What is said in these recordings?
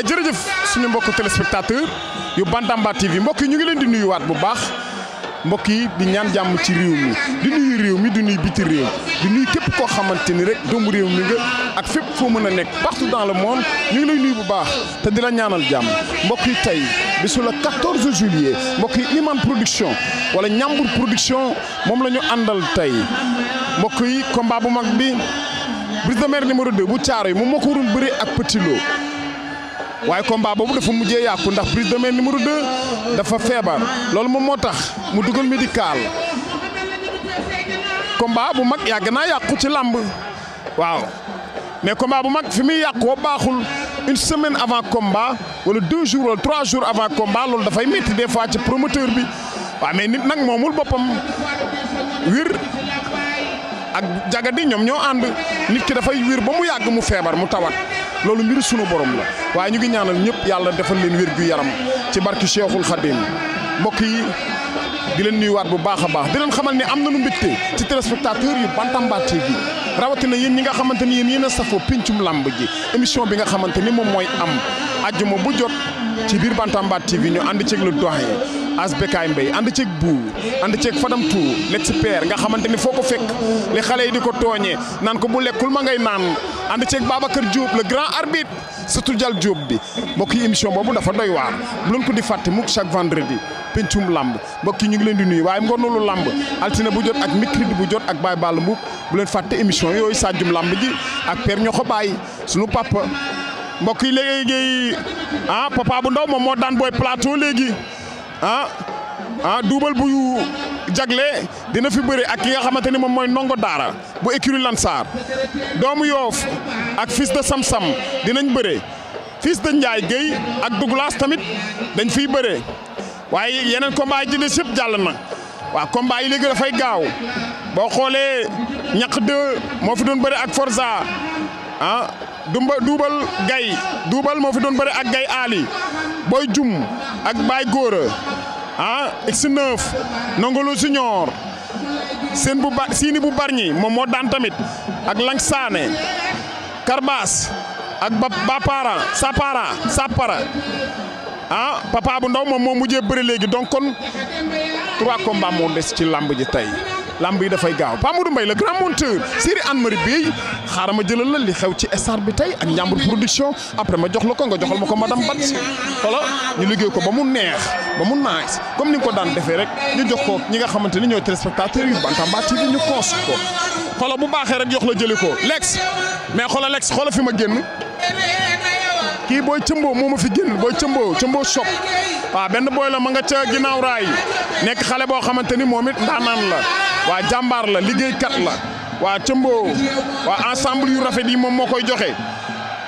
jërëjëf suñu mbokku téléspectateur yu Bantamba TV mbokk yi ñu ngi leen di nuyuwaat bu baax mbokk yi di ñaan jàmm ci réew mi di nuyu réew mi di nuyu biti réew di nuyu képp koo xamante ni rek doomu réew mi nga ak fépp foo mën a nekk partout dans le moon ñu ngi lay nuyu bu baax te di la ñaanal jàmm mbokk yi tey bisu la 14 juillet mbokk yi Iman production wala Ñambur production moom la ñu àndal tey mbokk yi combat bu mag bi brise de mer numéro 2 bu caaro yi moom moo ko ak Petit waaye combat boobu dafa mujjee yàqu ndax Brise de Mer numéro 2 dafa feebar loolu moom moo tax mu dugal médical combat bu mag yàgg naa yàqu ci làmb waaw mais combat bu mag fi muy yàqoo baaxul une semaine avant combat wala deux jours wala trois jours avant combat loolu dafay métti des fois ci promoteur bi waaw mais nit nag moomul boppam wir ak jagadi ñoom ñoo ànd nit ki dafay wiir ba mu yàgg mu feebar mu tawat. loolu mbir sunu borom la waaye ñu ngi ñaanal ñëpp yàlla defal leen wér gu yaram ci barki Cheikhul Khadim mbokk yi di leen nuyuwaat bu baax a baax di leen xamal ne am na nañu mbégte ci téléspectateurs yu Bantamba TV rawatina yéen ñi nga xamante ni yéen yéen a safoo pincum làmb ji émission bi nga xamante ni moom mooy am àjjuma bu jot ci biir Bantamba TV ñu ànd ceeg lu doxee as Bécaye Mbaye ànd ceeg buur ànd ceeg Fadam Tou l'expert nga xamante ni foo ko fekk li xale yi di ko tooñee naan ko bu lekkul ma ngay naan ànd ceeg Babacar Diop le grand arbitre surtout jal jóob bi mbokk yi émission boobu dafa doy waar bu leen ko di fàtte mukk chaque vendredi pencum lamb mbokki ñu ngi leen di nuyu waaye lu lamb altine bu jot ak mercredi bu jot ak Baye Balla Mboup bu leen fàtte émission yooyu Sajjum lamb ji ak Père Ñoxo Baye sunu papa mbokk yi léegi ah papa bu ndaw moo daan booy plateau léegi. Ah, ah duubal bu jagle dina fi bëri ak ki nga xamante ni moom mooy ndongo daara bu écurie saar doomu yoof ak fis de Samsam dinañ bëre fis de Ndiaye Guèye ak Douglas tamit dañ fiy bëre waaye yeneen combat yi jëlee yëpp jàll na waaw combat yi léegi dafay gaaw boo xoolee ñaq de moo fi doon bëre ak Forza ah duubal gay duubal moo fi doon bëre ak gay Ali Boy Jum ak Baye Gora ah X9 Nongolo Junior bu ba siini bu barñi moom moo daan tamit ak Lang Saane Karbas ak ba Bapara Sapara a ah bu ndaw moom moo mujjee bëri léegi donc kon trois combats moo des ci làmb ji tey. làmb yi dafay gaaw Pa Modou Mbaye le grand monteur série Anne Marie Bey xaaral ma jëlal la li xew ci star bi tey ak njàmbur production après ma jox la ko nga joxal ma ko madame Bat xolo ñu liggéey ko ba mu neex ba mu naaj comme ni nga ko daan defee rek ñu jox ko ñi nga xamante ni ñooy téléspectateurs yu Bantamba TV ñu koos ko xolo bu baaxee rek jox la jëli ko lex mais xolo lex xolo fi ma génn kii booy cëmboo moo ma fi génn booy cëmboo cëmboo shop waaw benn booy la ma nga ca ginnaaw raay nekk xale boo xamante ni moom it ndaanaan la waa jàmbaar la liggéey kat la waa cëmboo waa ensemble yu rafet yi moom moo koy joxe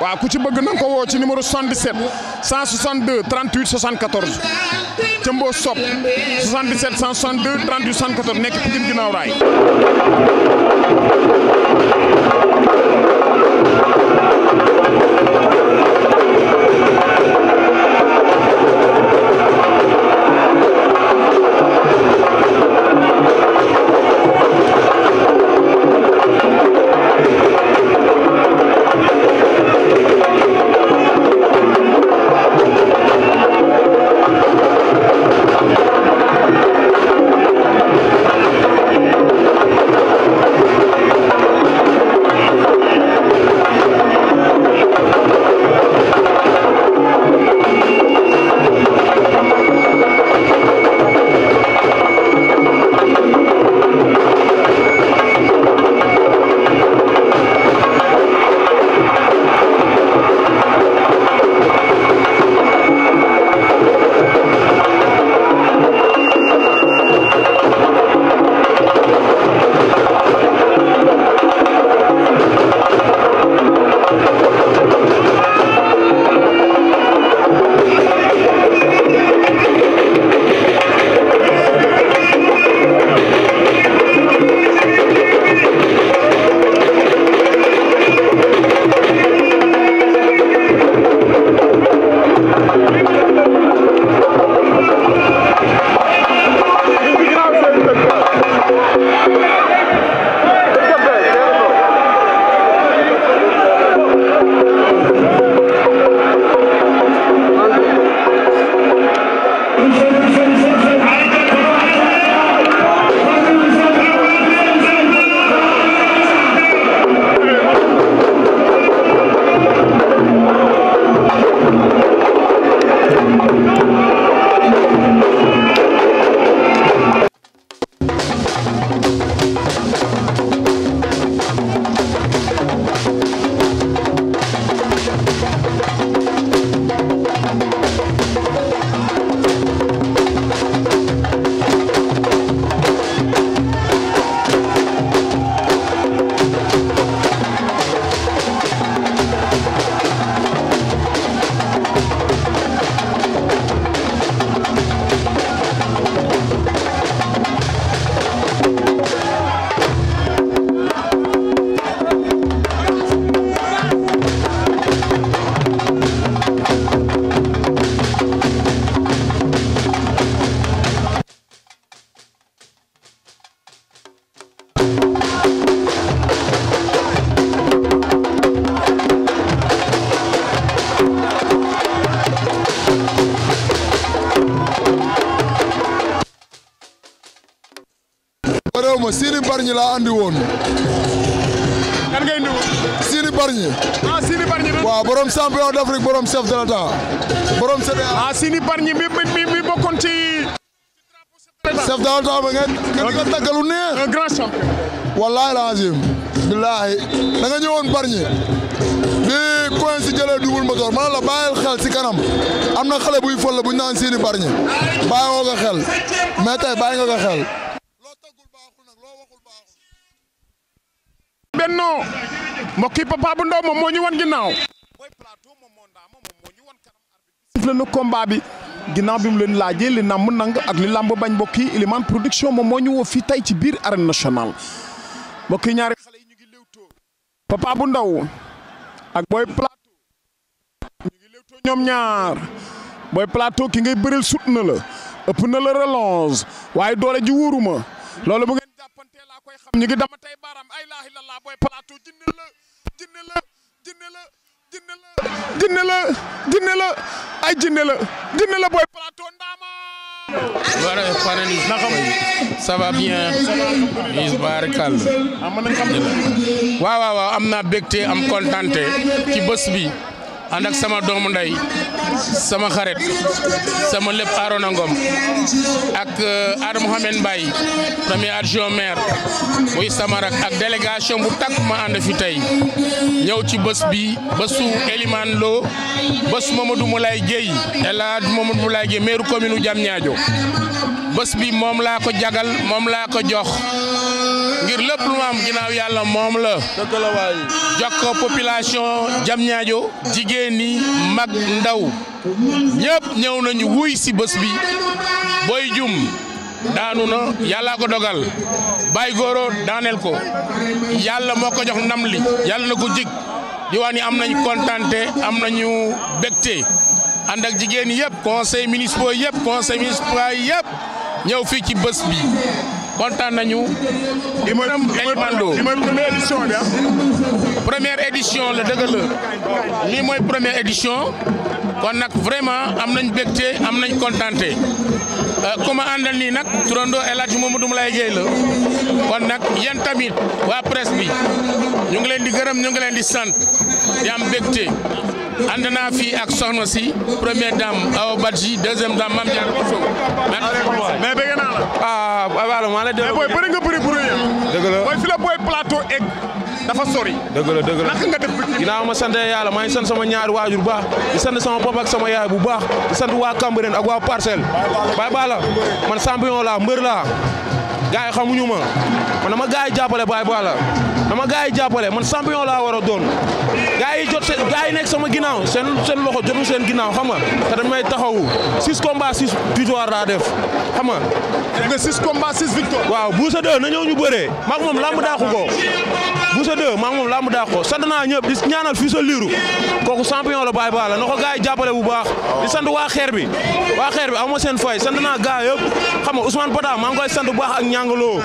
waa ku ci bëgg na ko woo ci numéro 77 162 38 cëmboo sopp 77 162 38 74 nekk Pikine ginnaaw raay Siny Bargny laa andi woon. indi woon. Siny Bargny. ah Siny Bargny waaw borom champion d'Afrique borom chef de l'État borom CDA. ah Siny Bargny mi mi mi bokkoon ci. chef de l'État ba ngeen. ngeen di ko tàggalu nee. un grand champion. wallaahi laazim. billaahi da nga ñëwoon si jëlee double moteur ma la bàyyil xel si kanam am na xale buy fël la bu ñu naan Siny Bargny bàyyi nga ko xel mais tey bàyyi nga bennoo mbokk yi papa bu ndaw moom moo ñu wan ginnaaw. def leen combat bi ginnaaw bi mu leen laajee li namm nang ak li làmb bañ mbokk yi Elimane production moom moo ñu woo fii tey ci biir arène nationale mbokk yi ñaar xale yi ñu ngi léewtoo papa bu ndaw ak booy plateau ñoom ñaar booy plato ki ngay bëreel sut na la ëpp na la relance waaye doole ji wóoruma loolu ñu ngi la jinne ah, am naa bégte am kontaante ci bés ànd ak sama doomu ndey sama xarit sama lépp Arona Ngom ak euh, Adama Mohamed Mbaye premier adjoint maire muy sama rak ak délégation bu takk ma ànd fi tey ñëw ci bés bi bésu Elimane Lo bés Mamadou Moulay Guèye El Hadj Mamadou Moulay Guèye maire commune u Diamniadio bés bi moom laa ko jagal moom laa ko jox ngir lépp lu ma am yàlla moom la jokk population Diamniadio jigéen jigéen ñi mag ndaw ñëw nañu wuy si bës bi booy jum daanu na yàllaa ko dogal bay góoro daaneel ko yàlla moo ko jox ndam li yàlla na ko jig diwaan yi am nañu kontante am nañu bégte ànd ak jigéen yëpp conseil municipal yëpp conseil municipal yëpp ñëw fii ci bés bi kontaan nañu. di ma di ma ah. première édition bi la dëgg la lii mooy première édition. kon nag vraiment am nañ bégte am nañ kontante euh, ku ma àndal nii nag turandoo El Hadj Mamadou Moulaye la kon nag yéen tamit waa presse bi ñu ngi leen di gërëm ñu ngi leen di sant di am bégte ànd naa fii ak soxna si première dame Awa Badji deuxième dame Mame Diarra Bousso. mais bëgg naa la. ah waaw maa ngi lay booy bëri nga bëri pour yéen. booy fi la booy plateau egg. dafa sori. dëgg la dëgg la nga def bëccëg. ma sant yàlla maa ngi sant sama ñaari waajur bu baax di sant sama papa ak sama yaay bu baax di sant waa Cambérène ak waa Parcelles. Baye Bala man champion laa mbër laa gars yi xamuñu ma man na ma yi jàppale Baye Bala dama gars yi jàppale man champion laa war a doon. gars yi jot seen gars nekk sama ginnaaw seen seen loxo jotu seen ginnaaw xam nga te may taxawu six combats six victoire laa def xam def nga six combats six victoires. waaw Boussa 2 na ñëw ñu bëree. maa ngi moom làmb daaxu ko. Boussa 2 maa ngi moom làmb daaxu ko sant naa ñëpp di ñaanal fii sa liiru kooku champion la Baye Ba la ko gars yi bu baax. di sant waa xeer bi. waa xeer bi amoo seen fay sant naa gars yëpp xam nga Ousmane Bada maa ngi koy bu baax ak ñàngaloo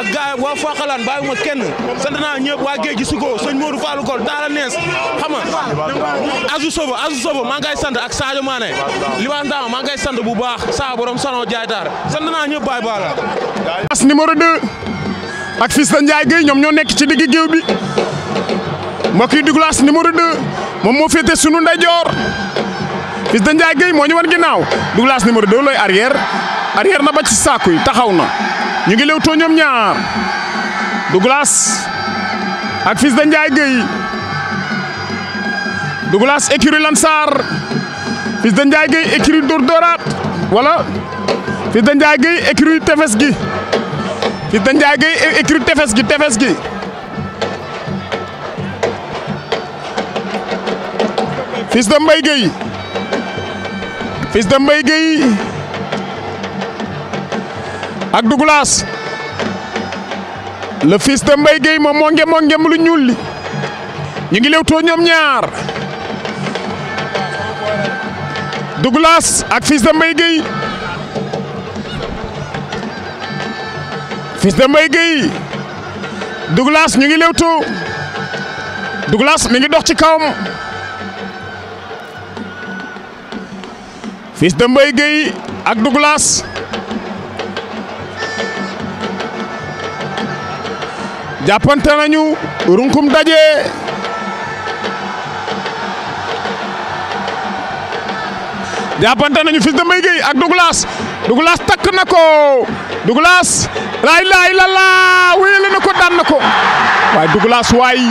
ak gars yi waa Fakalaan bàyyi ma kenn sant naa ñëpp waa géej gi Suko sëñ Modou Fallou Kol Daara Nees xam nga Azou Sobo Azou Sobo maa ngi koy ak Sadio Mané Liban bu baax saa borom sanoo jaaytaar sant Baye Bara as numéro 2 ak Fils de Ndiaye Gueye ñoom ñoo nekk ci digg géew bi mbokk yi dugg as numéro 2 moom moo féete sunu ndeyjoor Fils de Ndiaye Gueye moo ñu wan ginnaaw dugg as numéro 2 looy arrière arrière na ba ci saaku yi taxaw na ñu ngi léewtoo ñoom ñaar Douglas ak Fils de Ndiaye Gueye Douglas écurie Lansar Fils de Ndiaye Gueye écurie Dóor Dóoraat Fils de Ndiaye Gueye tefes gi Fils de Ndiaye Gueye écurie tefes gi tefes gi Fils de Mbaye Gueye Fils ak Douglas le fiis de Mbaye Gueye moom moo nge moo ngem lu ñuul li ñu ngi lewtoo ñoom ñaar Douglas ak Fils de Mbaye Gueye Fils de Mbaye Guèye ñu ngi lewtu Douglas mi ngi dox ci kawam Fils de ak Douglas jàppante nañu daje jàppante nañu Fils ak Douglas Douglas takk na ko Douglas laa ilaaha illallah na ko daan na ko waaye Douglas waay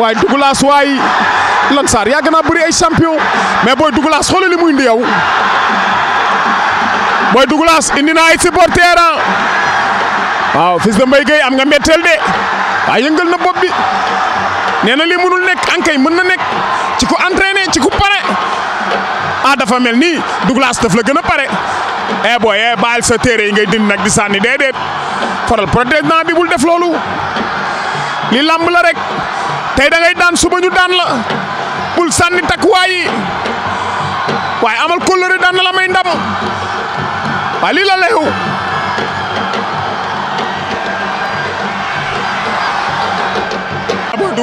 waaye Douglas waay lan Sarr yàgg naa bëri ay champion mais boy Douglas xoolal li mu indi yow booy Douglas indi naa ay supporter ah. waaw fils de Mbaye Gueye am nga mbetteel de waaye yëngal na bopp bi nee na lii mënul nekk ankay mën na nekk ci ko entraîné ci ko pare. ah dafa mel nii Douglas daf la gën a pare eh booy eh baal sa téere yi ngay dind nag di sànni déedéet faral protège-dents bi bul def loolu li làmb la rek tey da daan suba ñu daan la bul sànni takkuwaay yi waaye amal kóllëre daan na la may ndam waaye lii la leew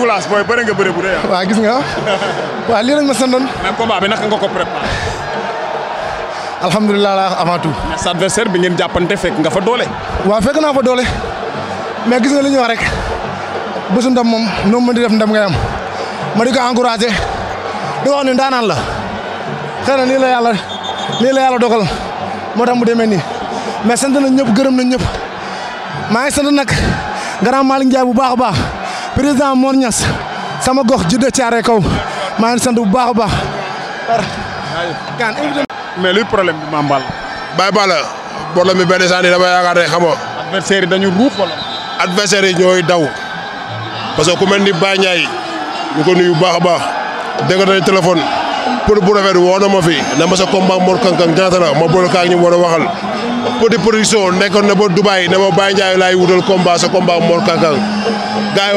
classe booy bëri nga bëri bu dee ah. gis nga waaw lii lañ ma sandoon. mais combat bi naka nga la avant tout. bi ngeen jàppante fekk nga fa doole. waa fekk naa fa doole mais gis nga li ñuy wax rek bésu ndam moom noo ma di def ndam ngay am ma di ko encouragé di wax ni ndaanaan la xëy lii la yàlla dogal moo tax mu demee nii mais sant nañ ñëpp gërëm nañ ñëpp maa ngi sant nag grand Malick bu baax a baax. président Mor Niass sama gox juddoo caare kaw maa ngi sant bu baax a baax. mais luy problème bi Mame Balla. Baye Balla problème bi benn saa nii dama yaakaar ne xam nga. adversaire yi dañu ruuf wala. adversaire yi ñooy daw parce que ku mel ni Baye Ndiaye ñu ko nuyu bu baax baax dégg nañu téléphone. pour bu a woo na ma fi dama sa combat Mor Kang Kang ñaata ma boole kaag ñu war a waxal petit production nekkoon na ba Dubaay ne ma Baye Ndiaye laay wutal combat sa combat Mor Kang Kang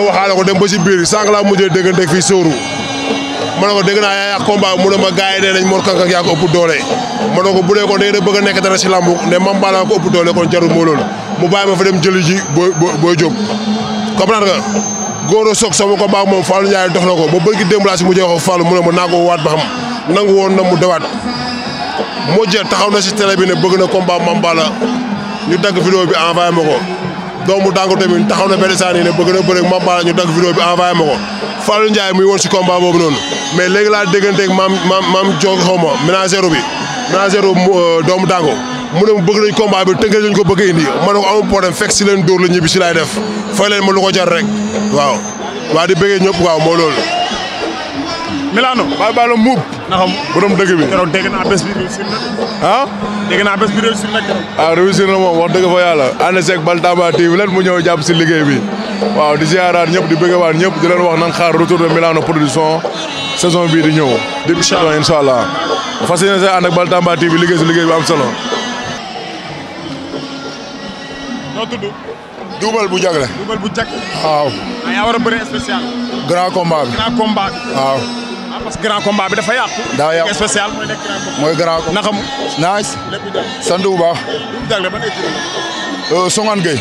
waxaale ko dem ba si biir sànq laa mujjee dégganteeg sóoru ma ne ko dégg naa yaa combat mu na ma gars yi nee nañ Mor Kang Kang ëpp doole ma ne ko bu dee kon day bëgg a nekk dara si lamb ne mam baa laa ko ëpp doole kon jarul moo mu bàyyi ma fa dem jëli ji booy booy jóg góor soog sama ko baax moom Fallou Ndiaye ko ba bërki démb laa si mujjee wax mu ne ma naa ko waat ba nangu woon na mu dawaat Modou taxaw na si télé bi ne bëgg na combat Mamba la ñu dagg vidéo bi envoyé ma ko doomu dàngu tamit taxaw na benn saa ne bëgg na bëre Mamba la ñu dagg vidéo bi envoyé ma ko Fallou Ndiaye muy woon si combat boobu noonu mais léegi laa dégganteeg maam maam maam Diop xaw ma ménagère bi ménagère euh, doomu dàngu mu ne bëgg nañ bi tënkee ko bëgg a indi ma ne ko amul problème fekk si leen dóor la ñibbi si laay def fay leen ma lu ko jar rek waaw waa di bëggee ñëpp waaw moo loolu. Milano bàyyi bàyyi la muub. ndax borom dëgg bi keroog dégg naa bés bi réussir na. ah dégg naa bés bi réussir na keroog. ah réussir na moom yàlla ànd seeg Bantamba TV leen mu ñëw jàpp si liggéey bi waaw di ziaraat ñëpp di bëgg waat ñëpp di leen wax nan xaar retour de Milano production bii di ñëw. incha allah incha allah fas yéene see ànd ak Bantamba TV liggéey si liggéey bi am solo. noo tudd. duubal bu jag la. duubal bu jag. waaw. waaw ah, yaa war a bëri spécial. Ah, grand combat bi. dafa yàqu. daa mooy nekk grand combat. mooy grand naaj. lépp jag sant bu baax. bu jag la ban écurie. Euh, Songane Gueye.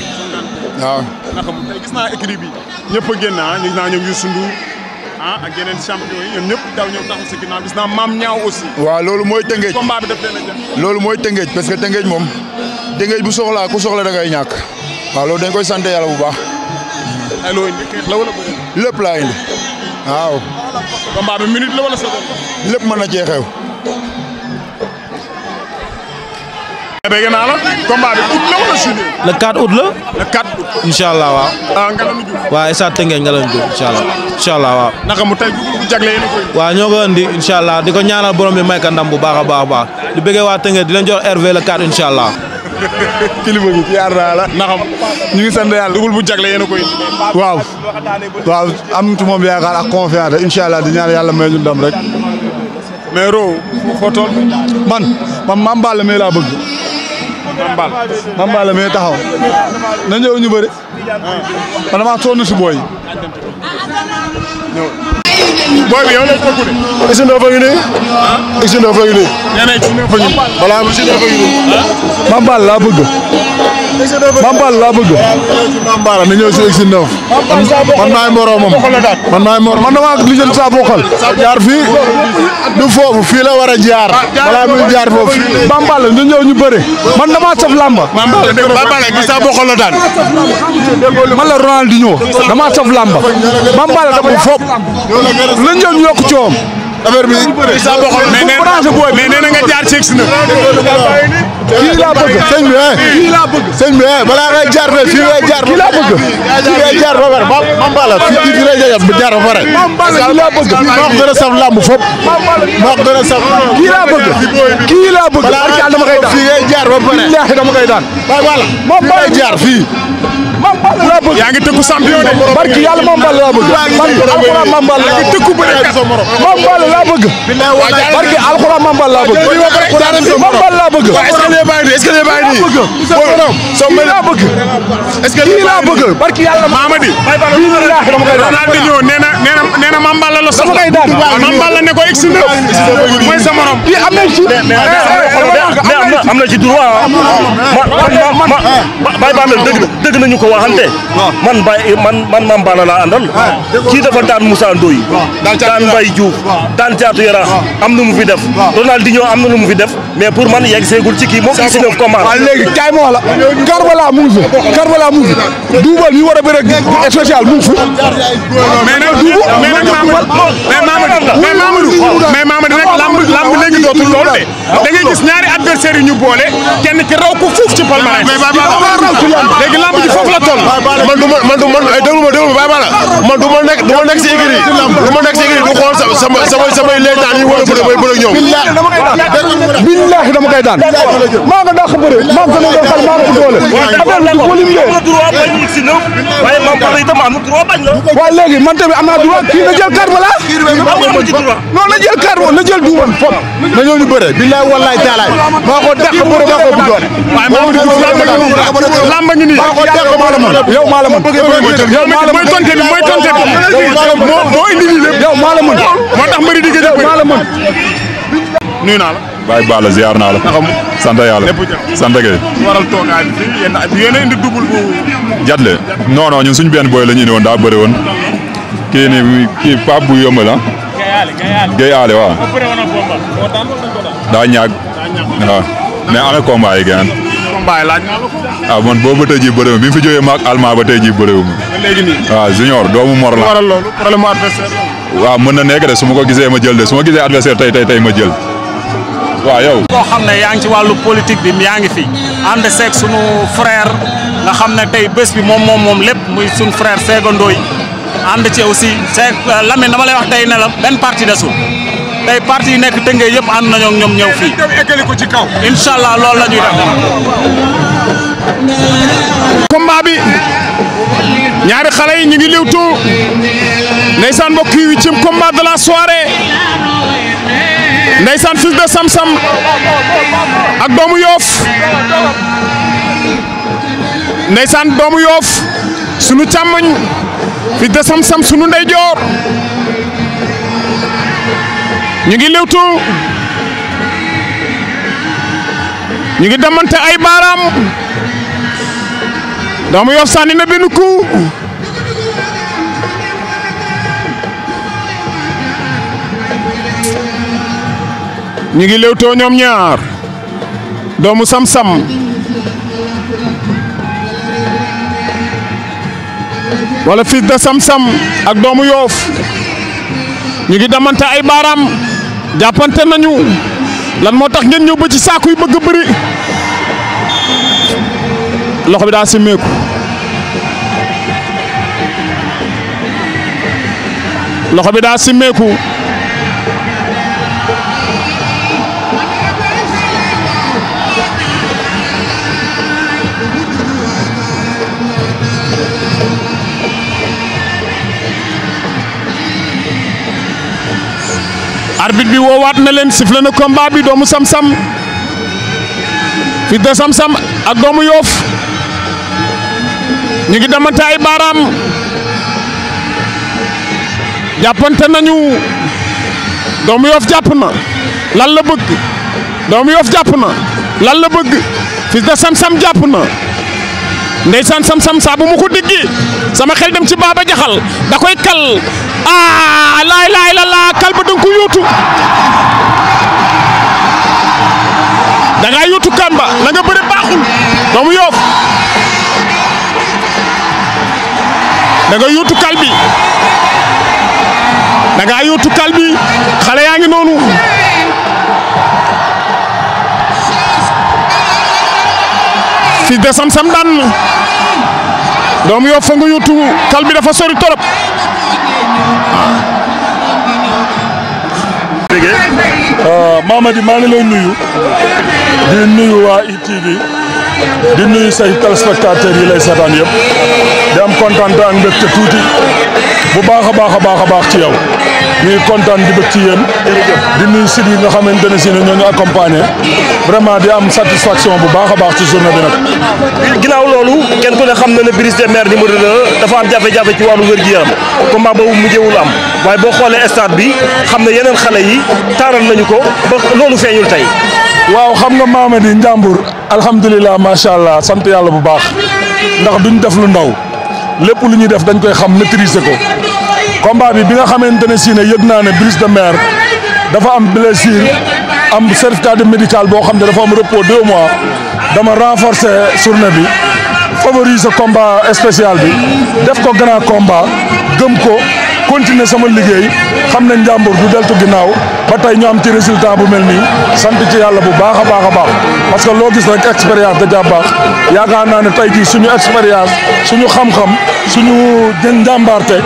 waaw. naxamu tey gis bi. ñëpp a génn ah gis naa ñoom Youssou Ndour ah, ñaaw aussi. loolu mooy tëngeej. loolu mooy tëngeej parce que tëngeej moom. Tëngéej bu soxlaa ku soxla da ngay ñàkk waaw loolu koy sant yàlla bu baax. allo indi xeex la wala lépp laa indi waaw. combat bi minute la wala seconde. lépp mën na cee xew. dégg eh, naa la combat bi août ah, mu tey bu jagle yéen a koy. waaw ñoo ko andi incha di ko ñaanal borom bi may ka bu baax a baax a baax di bëggee waa Tëngéej di jox RV le 4 incha kilifa gi yaar naa la na xam ñu ngi sant yàlla bu jagle a koy waaw waaw am tu moom yaakaar ak confiance incha allah di ñaan yàlla may ñu ndam rek mais Ro foo toll man man Mame Balla mais laa bëgg Mame taxaw na ñëw ñu bëri ah. man damaa sonn si booy booy bi yow lañ bëgg de. X9 a ngi nii. X9 a ngi nii. nee nañ X9 a ngi nii. voilà x laa bëgg. Mampal laa bëgg. Mambara na ñëw si egg si neuf. man maay moroomam man maay moroomam man damaa li jël saa bokkal. jaar fii du foofu fii la war a jaar. Ah, balaa muy jaar foofu. Mampal ñu ñëw bëre. man damaa saf lamba. Mampal dégg nga saa bokkal la daan. man la Ronaldinho damaa saf lamba. Mampal dafa fop. la ñëw ñu yokk coom. affaire bi sa boxol mais mais nee na nga jaar ceeb si nag. kii laa bëgg sëñ bi eh. kii laa bëgg sëñ bi eh, balaa ngay jaar ne fii ngay jaar kii laa bëgg fii ngay jaar ba pare mam bala fii ci fii lay jaar ba jaar ba pare kii laa bëgg maa ko gën a saf làmb fop maa ko gën a saf kii laa bëgg kii laa bëgg balaa dama koy daan fii ngay jaar ba pare dama koy daan waaye voilà moom ngay jaar fii Balla laa bëgg yaa ngi tëkku champion de barki yàlla moom Balla laa bëgg barki alxuraan maam Balla laa bëgg tëkku bëri kat moom Balla laa bëgg barki alxuraan maam Balla laa bëgg barki yàlla Mamadi na nee na nee na maam Balla la soxla dama koy daan sa morom yi am na ci am na ci droit ma ma Baye Balla dëgg nañu ko wax Kanté man Baye man man Mame Balla laa àndal kii dafa daan Moussa Ndoye daan Mbaye Diouf daan Thiatou Yarakh am na mu fi def Ronaldinho am na lu mu fi def mais pour man yegg seegul ci kii moom ci neuf combat waaw léegi kaay ma wax la Karbala mu ngi fi Karbala mu ngi fi duubal yi war a bëre social mu ngi fi mais nag mais Mamadou mais Mamadou ci palmarès léegi lamb ji foofu la toll man du ma man du man déglu ma déglu ma Baye Balla man du ma nekk du ma nekk si écurie yi du ma nekk si écurie yi du xool sama sama samay leetaan yi war a bëre may bëre ñoom. billaahi dama koy daan maa nga dàq bëre maa nga ko xal maa nga ko doole affaire bi wóolim de waaye man pare itam am na droit bañ la waaye léegi man tamit am naa droit kii na jël carte wala non jël carte na jël duumam na ñëw ñu billaahi wallaahi taalaay maa ko dàq bëre maa ko bu doole maa yow maa la mën yow maa la mën moo indi lii lépp yow maa moo tax mbëri di gëj a maa la mën nuyu naa la bàyyi baala ziar naa la sant yàlla sant gay ñu indi daa bëri woon kii ni kii Pape bu yomb la ah. Guèye Allé waaw daa ñaag waaw ana combat yi gaan combat la ko. ah man boobu ba tey jii bëriwul bi mu fi jógee maag almaa ba tey jii bëriwul. ba léegi nii waaw ah, junior doomu Mor la. waaw mën na nekk de su ma ko gisee ma jël de su ma gisee adversaire tey tey tey ma jël waa yow. koo xam ne yaa ngi ci wàllu politique bi yaa ngi fi ànd seeg sunu frère nga xam ne tey bés bi moom moom moom lépp muy sunu frère Sega Ndoye ànd ci aussi Seeg euh, Lamine dama lay wax tey ne la benn parti desul. tey parti yi nekk Tëngéej yëpp ànd nañoo ñoom ñëw fii. eggali ko ci kaw. incha allah lool la ñuy def. combat bi ñaari xale yi ñu ngi liwtu ndeysaan mbokk yi huitième combat de la soirée ndeysaan fils de Samsam ak doomu Yoof ndeysaan doomu Yoof sunu càmmoñ fils de Samsam sunu ndeyjoor. ñu ngi lewtoo ñu ngi damante ay baaraam Doomu Yoff sànni na benn ku ñu ngi lewtoo ñoom ñaar doomu sam-sam wala fils sam-sam ak doomu yoof ñu ngi damante ay baaraam jàppante nañu lan moo tax ngeen ñëw ba ci saako yu bëgg a bëri loxo bi daa simmeeku loxo bi daa simmeeku arbitre bi woowaat na leen sifflé na combat bi doomu sam-sam fils de sam-sam ak doomu yoof ñu ngi damante ay baaraam jàppante nañu doomu yoof jàpp na lan la bëgg doomu yoof jàpp na lan la bëgg fils de sam-sam jàpp na ndeysaan sam-sam saa bu mu ko diggi sama xel dem ci baaba jaxal da koy kal ah laa ilaaha illallaah kalba danga ko yóotu da ngaa yóotu Kamba la nga bëre baaxul doomu Yoof da nga kalbi da ngaa kalbi xale yaa ngi noonu fils de Sam Sam daan doomu Yoof fa nga yóotu kalbi dafa sori torop Euh, Mamady maa ngi lay nuyu di nuyu waa ITV di nuyu say téléspectateurs yi lay seetaan yëpp di am kontaan ak mbégte tuuti bu baax a baax a baax a baax ci yow. ñuy kontaan di bëgg ci yéen di nuyu site yi nga xamante ne si ne ñoo ñu accompagner vraiment di am satisfaction bu baax a baax ci journée bi nag. ginnaaw loolu kenn ku ne xam na ne Brise de Mer numéro 2 dafa am jafe-jafe ci wàllu wér-gu-yaram combat boobu mujjewul am waaye boo xoolee stade bi xam na yeneen xale yi taaral nañu ko ba loolu feeñul tey. waaw xam nga Mamady Njàmbur alhamdulilah macha allah sant yàlla bu baax ndax duñu def lu ndaw lépp lu ñuy def dañ koy xam maîtriser ko. combat bi bi nga xamee ne si ne yëg naa ne Brise de Mer dafa am blessure am certificat de médical boo xam ne dafa am repos deux mois dama renforcer journée bi favoriser combat spécial bi def ko grand combat gëm ko. continuer sama liggéey xam ne njàmbur du deltu ginnaaw ba tey ñu am ci résultat bu mel nii sant ci yàlla bu baax a baax a baax parce que loo gis rek expérience da caa baax yaakaar naa ne tey jii suñu expérience suñu xam-xam suñu jën njàmbaarte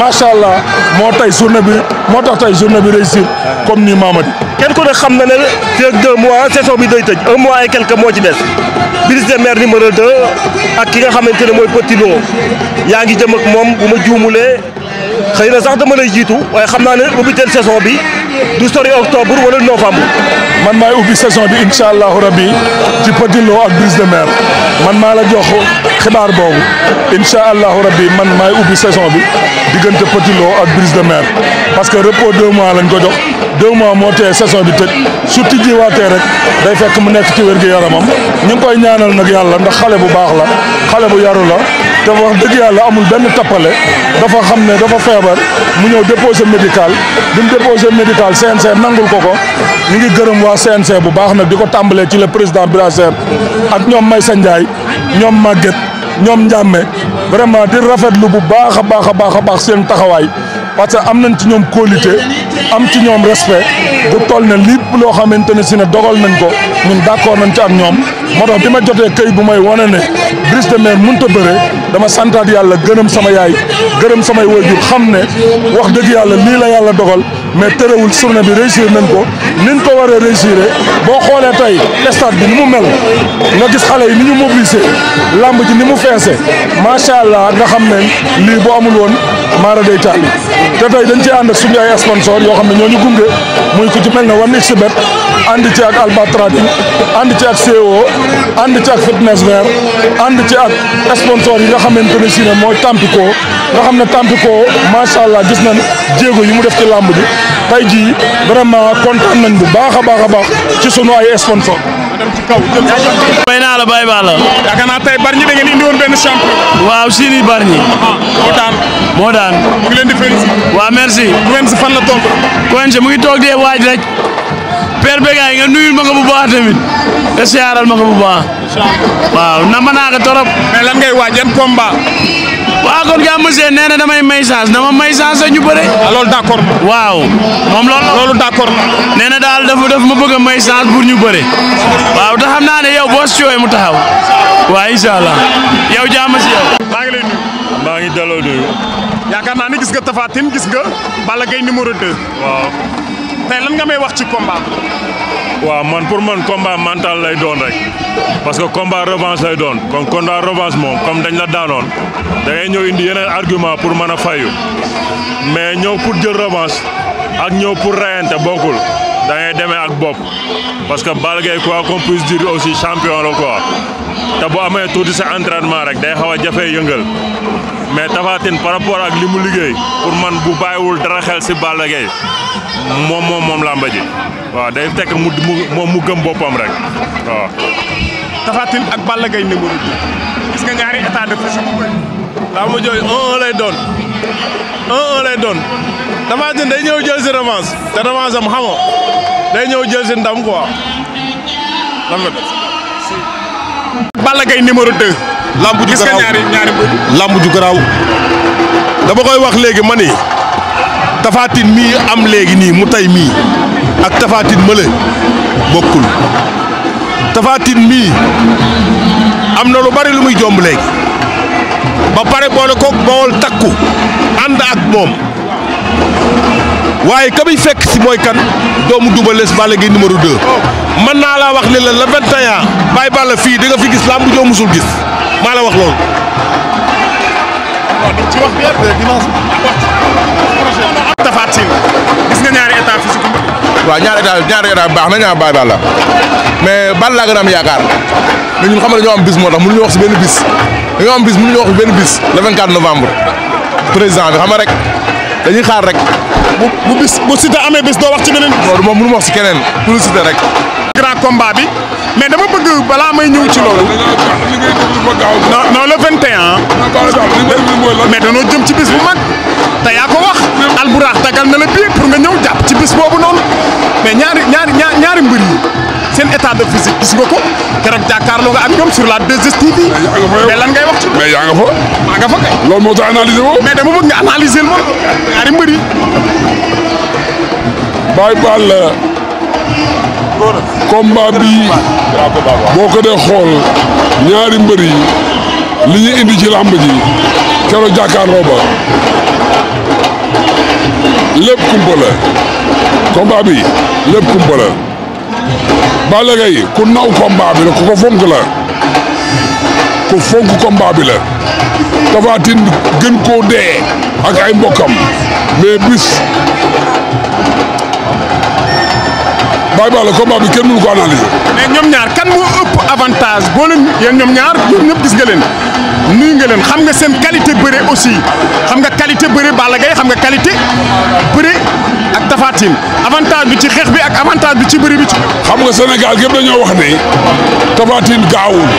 macha allah moo tey journée bi moo tax tey journée bi réussir comme ni Mamadi. kenn ku ne xam na ne fii ak deux mois saison bi day tëj un mois et quelque moo ci des brise de mer numéro 2 ak ki nga xamante ne mooy Petit Lo yaa ngi jëm ak moom bu ma juumulee. xëy na sax dama lay jiitu waaye xam naa ne ubbiteel saison bi du sori octobre wala novembre. man maay ubbi saison bi incha allahu rabi ci Petit Lo ak brise de mer man maa la jox xibaar boobu incha allahu rabi man maay ubbi saison bi diggante Petit Lo ak brise de mer parce que repos deux mois lañ ko jox deux mois moo tee saison bi tëj su tijjiwaatee rek day fekk mu nekk ci wér-gu-yaramam ñu ngi koy ñaanal nag yàlla ndax xale bu baax la xale bu yaru la. te wax dëgg yàlla amul benn tappale dafa xam ne dafa feebar mu ñëw déposé médical bi mu déposé médical CNC nangul ko ko ñu ngi gërëm waa CNC bu baax nag di ko tàmbalee ci la président Brasseur ak ñoom may Maysa Ndiaye ñoom Maguette ñoom Ndiame vraiment di rafetlu bu baax a baax a baax a baax seen taxawaay parce que am nañ ci ñoom qualité am ci ñoom respect bu toll ne lépp loo xamante ne si ne dogal nañ ko ñun d'accord nañ ci ak ñoom moo tax bi ma jotee këy bu may wane ne Brise de Mer mënut a bëre dama santaat yàlla gërëm sama yaay gërëm samay waajur xam ne wax dëgg yàlla lii la yàlla dogal mais terewul journée bi réussir nañ ko niñ ko waree réussir boo xoolee tey stade bi ni mu mel nga gis xale yi ni ñu mobiliser lamb ci ni mu feese macha allah nga xam ne lii boo amul woon. maara day taali te tey dañ cee ànd suñu ay sponsor yoo xam ne ñoo ñu gunge muy ku ci mel ne wan si bet ànd ci ak Alba Trading ànd ci ak CO ànd ci ak fitness vert ànd ci ak sponsor yi nga xamante ne si ne mooy Tampico nga xam ne Tampico macha allah gis nañ jéego yi mu def ci làmb bi tey ji vraiment kontaan nañ bu baax a baax a baax ci sunu ay sponsor dem ci kaw jël sa bay naa da ngeen indi woon benn champion. waaw Siny Bargny. moo daan moo daan. mu ngi leen di félicité. waaw merci. Quench fan la toll. mu ngi toog dee waaj rek. père Bégaay nga nuyul ma ko bu baax tamit. siyaaral ma ko bu baax. waaw naa ko torop. mais lan ngay waaj yan combat. waaw kon gaa monsieur nee na damay may chance dama may chance ñu bëre. ah loolu d' accord waaw moom loolu. loolu d' accord nee na daal dafa daf ma bëgg a may chance pour ñu bëre waaw te xam naa ne yow boo si mu taxaw waaw incha allah yow jàmm maa ngi lay nuyu. maa ngi delloo nuyu. yaakaar naa ne gis nga Tapha Tine gis nga Balla Gaye numéro 2. waaw. tey lan nga may wax ci combat waaw man pour man combat mental lay doon rek parce que combat revanche lay doon kon combat revanche moom comme dañ la daanoon da ngay ñëw indi yeneen argument pour mën a fayu mais ñëw pour jël revanche ak ñëw pour rayante bokkul da ngay demee ak bopp parce que bal Balla Gaye quoi qu'on puisse dire aussi champion la quoi te bu amee tuuti sa entraînement rek day xaw a jafe yëngal mais Tapha Tine par rapport ak li mu liggéey pour man bu bàyyiwul dara xel si Balla moom moom moom làmba ji waaw day fekk mu moom mu gëm boppam rek waaw. Tapha ak Balla Gaye numéro bi gis nga ñaari doon un un doon Tapha day ñëw jël si revanche te revanche day ñëw jël si ndam quoi rafet. Balla Gaye numéro 2. lamb ju garaaw gis nga koy wax léegi ma tafaatin mii am léegi nii mu tey mii ak tafaatin mële bokkul tafaatin mii am na lu bari lu muy jomb léegi ba pare boole kook bawol takku ànd ak moom waaye ka muy fekk si mooy kan doo mu Less Balla Gaye numéro 2 mën naa laa wax ni la le 21 ans fii di fi gis lambu joo musul gis maa la wax loolu Tafatine gis nga ñaari état fi si ko waaw ñaari état ñaari état baax na ñaar bàyyi baal la mais ban laa gën am yaakaar mais ñun xam nga dañoo am bis moo tax ñu wax si benn bis dañoo am bis mënuñu wax si benn bis le 24 novembre président bi xam nga rek dañuy xaar rek. bu bu bis bu Siteu amee bis doo wax beneen. loolu moom mënu ma wax si keneen pour Siteu rek. grand combat bi mais dama bëgg balaa may ñëw ci loolu. non non le 21. mais danoo jëm ci bis bu mag te yaa ko wax. Alburax dagal na la bii pour nga ñëw jàpp ci bis boobu noonu mais ñaari ñaari ñaari mbër yi seen état de physique gis nga ko keroog jàkkaarloo nga ak ñoom sur la 2STV. mais lan ngay wax ci. mais yaa nga fa. maa nga fa kay. loolu moo tax analyser woo. mais dama bëgg nga analyser moom ñaari mbër combat bi boo ko dee xool ñaari mbër yi li ñu indi ci làmb ji kero jàkkaarloo ba lépp kumpa la combat bi lépp kumpa la Balla Gaye ku naw combat bi la ku ko fonk la ku fonk combat bi la Tapha gën koo dee ak ay mbokkam mais bis bàyyi baax la combat bi kenn mënu ko analyser. mais ñoom ñaar kan moo ëpp avantage boo leen yéen ñoom ñaar ñoom gis nga leen nuyu nga leen xam nga seen qualité bëre aussi xam nga qualité bëre la gay xam nga qualité bëre ak Tapha avantage bi ci xeex bi ak avantage bi ci bëre bi ci. xam nga Sénégal gépp dañoo wax ne Tapha gaawul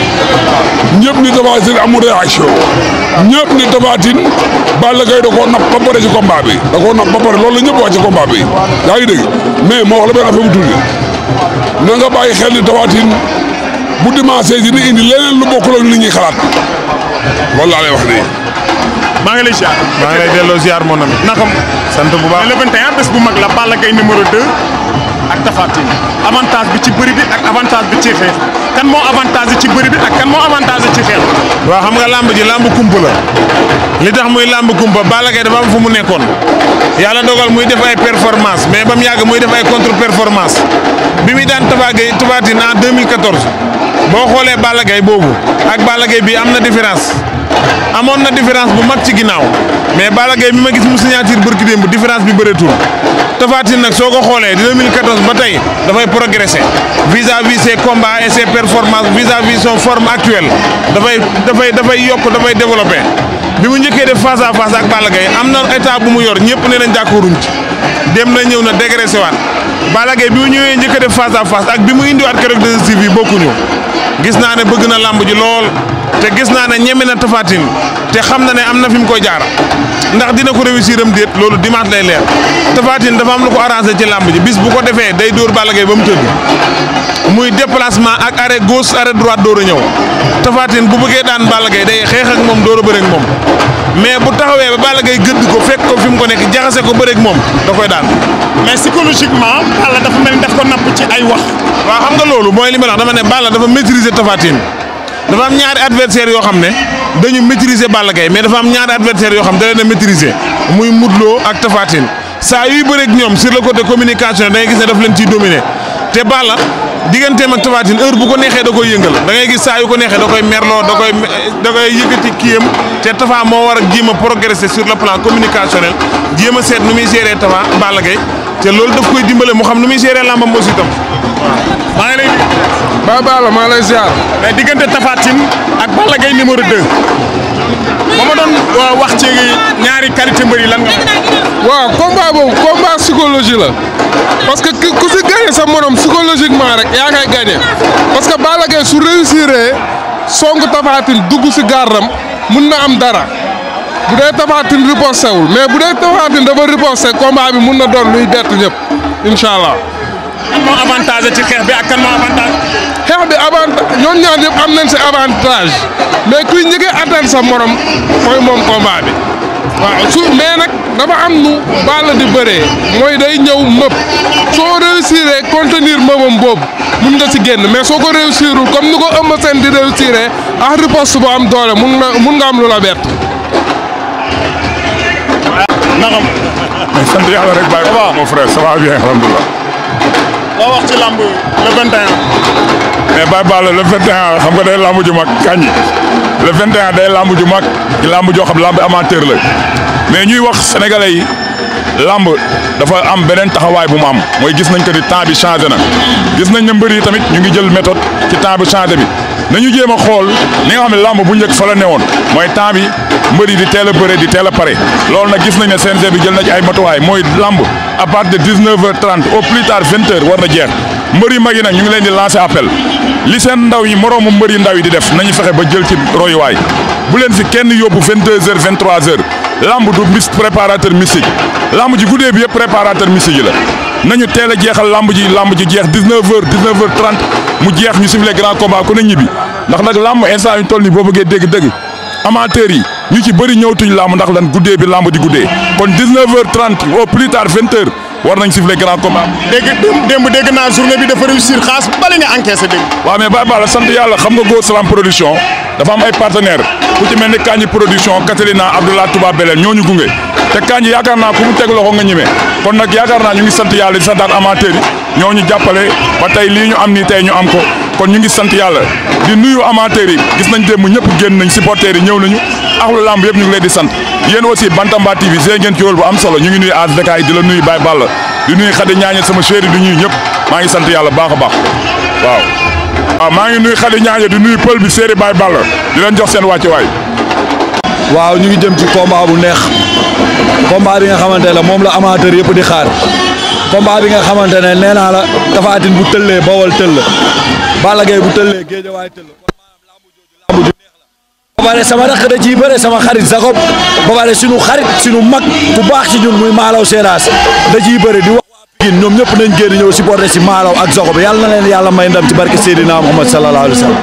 ñëpp ni Tapha Tine amul réaction ñëpp ni Tapha Tine Balla Gaye da koo napp ba bi da koo napp ba loolu la wax ci combat bi yaa ngi dégg mais moo la benn affaire bu tuuti na nga bàyyi xel ni Tapha Tine bu dimanche ji ni indi leneen lu bokkul ak li ñuy xalaat. loolu laa lay wax nii. maa ngi lay ziar. maa ngi delloo ziar mon ami. naka sant bu baax le 21 bu mag la Balla Gaye numéro 2 ak Tapha Tine avantage bi ci bëri bi ak avantage bi ci xeex kan moo avantage ci bëri bi ak kan moo avantage ci xeex. waa xam nga làmb ji làmb kumpa la li tax muy làmb kumpa Balla Gaye dafa am fu mu nekkoon yàlla dogal muy def ay performance mais ba mu yàgg muy def ay contre performance bi muy daan Tapha Gaye Tapha Tine en 2014. boo xoolee Balla boobu ak Balla Gaye bi am na différence amoon na différence bu mag ci ginnaaw mais Balla Gaye bi ma gis mu signature barki démb différence bi bëreetul Tapha Tine nag soo ko xoolee 2014 ba tey dafay progresser vis-à-vis ses combats et ses performances vis-à-vis son forme actuelle dafay dafay dafay yokk dafay développer bi mu njëkkee def face à face ak Balla Gaye am na état bu mu yor ñëpp nee nañ jàkkooruñ ci dem na ñëw na dégraissé waat. Balla bi u ñëwee njëkk a def face à face ak bi mu indiwaat keroog de suivi yi bokkuñu gis naa ne bëgg na làmb ji lool te gis naa ne ñeme na tafaatin te xam na ne am na fi mu koy jaar ndax dina ko réussir am déet loolu dimanche lay leer tafaatin dafa am lu ko arrangé ci làmb ji bis bu ko defee day dóor Balla Gaye ba mu tëdd muy déplacement ak arrêt gauche arrêt droite dóor a ñëw tafaatin bu bëggee daan Balla day xeex moom dóor a bëre ak moom mais bu taxawee ba Balla Gaye gëdd ko fekk ko fi mu ko nekk jaxase ko bëreeg moom da koy daan. mais psychologiquement Balla dafa mel ni daf ko napp ci ay wax. waaw xam nga loolu mooy li ma wax dama ne baala dafa maîtriser Tapha Tine dafa am ñaari adversaire yoo xam ne dañu maîtriser Balla Gaye mais dafa am ñaari adversaire yoo xam ne da leen a muy Modou Lo ak Tapha Tine saa yuy bëreeg ñoom sur le côté communication da ngay gis ne daf leen ciy dominer te baala digganteem ak Tapha Tine heure bu ko neexee da koy yëngal da ngay gis saa yu ko neexee da koy merloo da koy da koy yëkkati kiyam te Tapha moo war a jéem a progresser sur le plan communicationnel jéem a seet nu muy gérer Tapha Balla Gaye te loolu daf koy dimbale mu xam nu muy géere làmbam aussi itam waaw. maa ngi lay. ba Balla maa lay ziar. mais diggante Tapha ak Balla Gaye numéro 2. ba ma doon wax ci ñaari qualité mbër yi lan nga. waaw combat boobu combat psychologie la parce que ku si gagné sa morom psychologiquement rek yaa koy gagné parce que Balla Gaye su réussir songu Tapha dugg si gardam mun na am dara bu dee Tapha Tine riposté wul mais bu dee Tapha Tine dafa riposté combat bi mun na doon luy bett ñëpp incha kan moo avantage ci xeex bi ak kan avantage. xeex bi avantage ñoom ñaar ñëpp am nañ si avantage mais kuy njëkkee atteindre sa morom mooy moom combat bi waaw su mais nag dafa am nu Balla di bëree mooy day ñëw mëpp soo réussir contenir mëbam boobu mun nga si génn mais soo ko réussirul comme ni ko Eumeu Sène di réussir ah riposte bu am doole mun nga am lu la bett. loo wax ci lamb le 21. mais Baye Balla le xam nga day lamb ju mag kañ le 21 day lamb ju mag lamb joo xam lamb amateur la mais ñuy wax sénégalais yi lamb dafa am beneen taxawaay bu mu am mooy gis nañ que ni temps bi changé na gis nañ ne mbër yi tamit ñu ngi jël méthode ci temps bi changé bi nañu jéem a xool li nga xam ne lamb bu njëkk fa la newoon mooy temps bi. mbër yi di teel bëre di teel a pare lool na gis nañ ne CNG bi jël na ci ay matuwaay mooy lamb à partir de 19h30 au plus tard 20 war na jeex mbër yu mag yi nag ñu ngi leen di lancer appel li seen ndaw yi moroomu mbër yu ndaw yi di def nañu fexe ba jël ci royuwaay bu leen fi kenn yóbbu 22h 23h lamb du mis préparateur mystique lamb ji guddee bi yëpp préparateur mystique la nañu teel a jeexal lamb ji lamb ji jeex 19h 19h30 mu jeex ñu siffler grand combat ku ne ñibbi ndax nag lamb instant yu toll nii boo bëggee dégg-dégg amateurs yi. ñu ci bëri ñëwtuñ làmb ndax lan guddee bi làmb di guddee kon 19h30 au plus tard 20h war nañ siffler grand combat. dégg démb dégg naa journée bi dafa réussir xaas bale nga encaissé dégg. waaw mais Baye Balla sant yàlla xam nga Go Salam production dafa am ay partenaires ku ci mel ni Kandji production Catalina Abdoulaye Touba Belel ñoo ñu gunge te Kandji yaakaar naa ku mu teg loxo nga ñemee kon nag yaakaar naa ñu ngi sant yàlla di sant ak amateurs ñoo ñu jàppale ba lii ñu am nii tey ñu am ko kon ñu ngi sant yàlla di nuyu amateurs yi gis nañ démb ñëpp génn nañ supporters yi ñëw nañu axlu lamb yëpp ñu ngi leen di sant yéen aussi Bantamba TV see ngeen ci wol bu am solo ñu ngi nuyu Ass Bécaye di la nuyu Baye Balla di nuyu Khady Ñaañe sama chéri di nuyu ñëpp maa ngi sant yàlla baax a baax waaw waaw ah, maa ngi nuyu Khady Ñaañe di nuyu pël bi séeri Baye Balla di leen jox seen waay waaw ñu ngi jëm ci combat bu neex combat bi nga xamante ne moom la amateur yëpp di xaar combat bi nga xamante ne nee naa la Tapha Tine bu tëllee Bawol tëll Balla Gaye bu tëllee Géejawaay tëll babaare sama rakk da ciy bëre sama xarit Jacob babaare suñu xarit suñu mag bu baax ci ñun muy maalaw Seeraas da ciy bëre di wax waa ñoom ñëpp nañ génn ñëw supporter si maalaw ak Jacob yàlla na yàlla may ndam ci barke Seydina Muhammad sallallahu alayhi wa sallam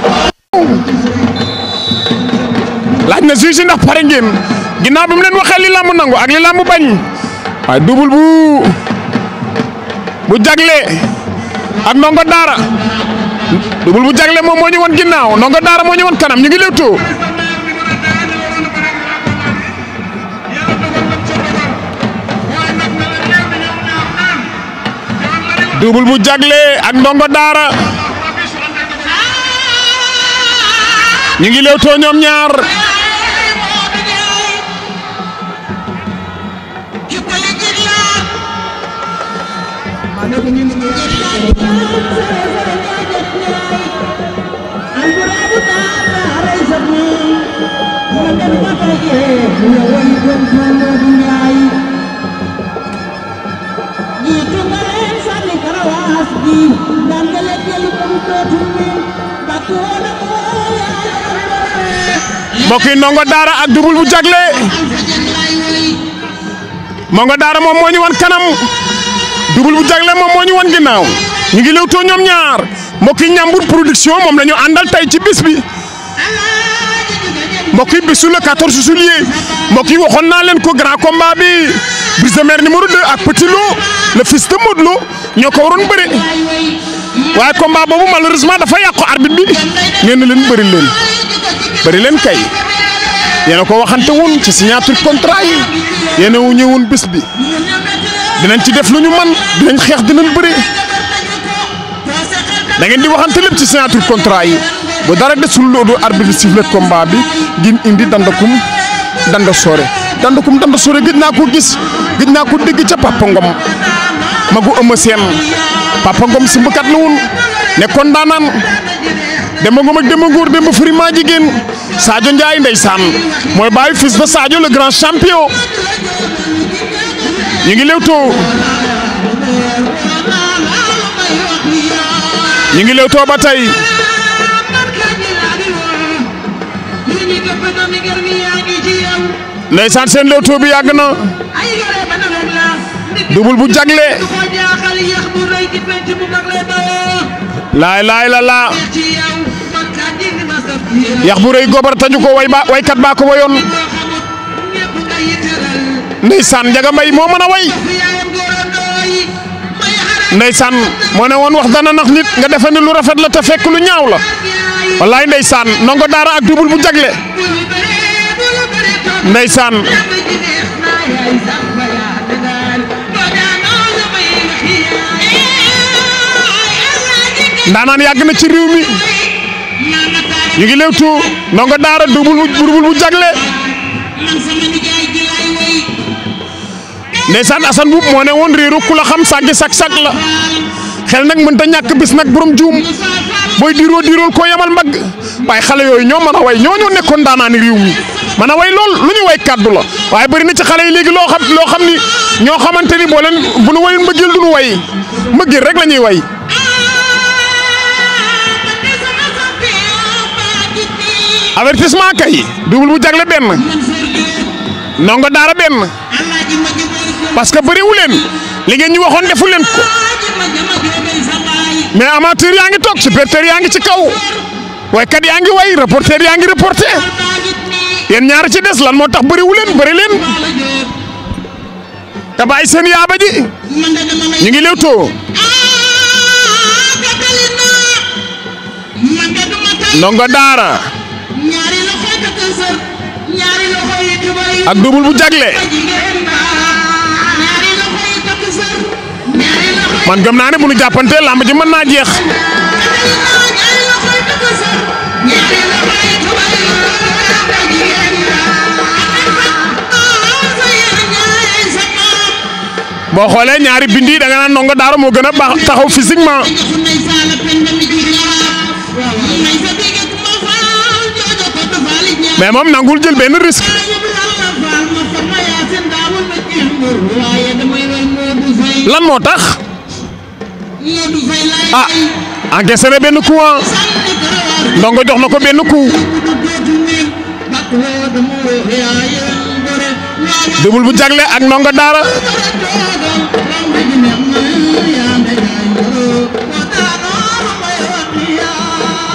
na si si ndax pare ngeen ginnaaw bi mu leen waxee li làmb nangu ak li làmb bañ waaye double bu bu jagle ak ndongo daara moom moo ñu woon ginnaaw daara moo ñu kanam ñu ngi lewtoo Double mu jagle ak ndongo daara ñu ngi lewtoo ñoom ñaar gi daan nga lekk lu ko ak mbokk yi ndongo daara ak Double daara moom moo ñu wan kanam Double bu jagle moom moo ñu wan ginnaaw ñu ngi lewtoo ñoom ñaar mbokk yi Ndiambour production moom la ñu àndal tey ci bis bi mbokk yi bisu le 14 juillet mbokk yi waxoon naa leen ko grand combat bi Brise de Mer numéro 2 ak Petit Lo le fils de Lo ñoo ko waroon bëri waaye combat boobu malheureusement dafa yàqu arbitre bi ngeen leen bëri leen bëri leen kay yéen a ko waxante woon ci signature contrat yi yéen a wu ñëwoon bés bi dinañ ci def lu ñu man dinañ xeex dinañ bëri dangeen di waxante lépp ci signature contrat yi bu dara desul loolu arbitre bi sifflé combat bi ngeen indi dandakum danda soore dandakum danda soore gëj naa ko gis gëj naa ko dégg ca Papa Ngom magu Eumeu Sène Papa Ngom si mbëkkat la woon nekkoon daanaan Demba Ngom ak Demba Furi maa jigéen Sadio Ndiaye ndeysaan mooy bàyyi fils ba saajo le grand champion ñu ngi lewtoo ngi lewtoo ba tey ndeysaan seen lewtoo bi yàgg na double bu jagle laay laay la laa yax bu rëy gobar ko way ba waykat baa ko wayoon ndeysaan njaga moo mën a way ndeysaan moo ne woon wax dana nax nit nga defe ni lu rafet la te fekk lu ñaaw la wallaay ndeysaan ndongo daara ak dubul bu jagle ndeysaan ndaanaan yàgg na ci réew mi ñu ngi lewtu ndongo daara dubul burbul bu jagle ndeysaan asan buub moo ne woon réeru ku la xam sàggi sak-sak la xel nag mën ta ñàkk bis nag borom juum booy diiroo diirool koo yamal mbagg waaye xale yooyu ñoo man a way ñoo ñoo nekkoon ndaanaani réew mi mën a way lool lu ñu way kàddu la waaye bëri na ci xale yi léegi loo xam loo xam ni ñoo xamante ni boo leen bu nu wayun mbëggeel du nu mbëggeel rek la ñuy way avertissement kay Double bu jagle benn ndongo daara benn parce que bëriwu leen li ngeen ñu waxoon defu leen ko mais amateur yaa ngi toog supporter yaa ngi ci kaw waykat yaa ngi way reporter yaa ngi reporté yéen ñaara ci des lan moo tax bëriwu leen bëri leen te bàyyi seen yaaba ji ñu ngi lewtoo ndongo daara ak double bu jagle man gëm naa ne bu nu jàppante làmb man mën naa jeex boo xoolee ñaari bindi yi da nga naan moo gën a baax taxaw physiquement. mais moom nangul jël benn risque. lan moo tax ah encaissé na benn coup ah ndongo jox na ko benn coup déglu bu jagle ak ndongo daara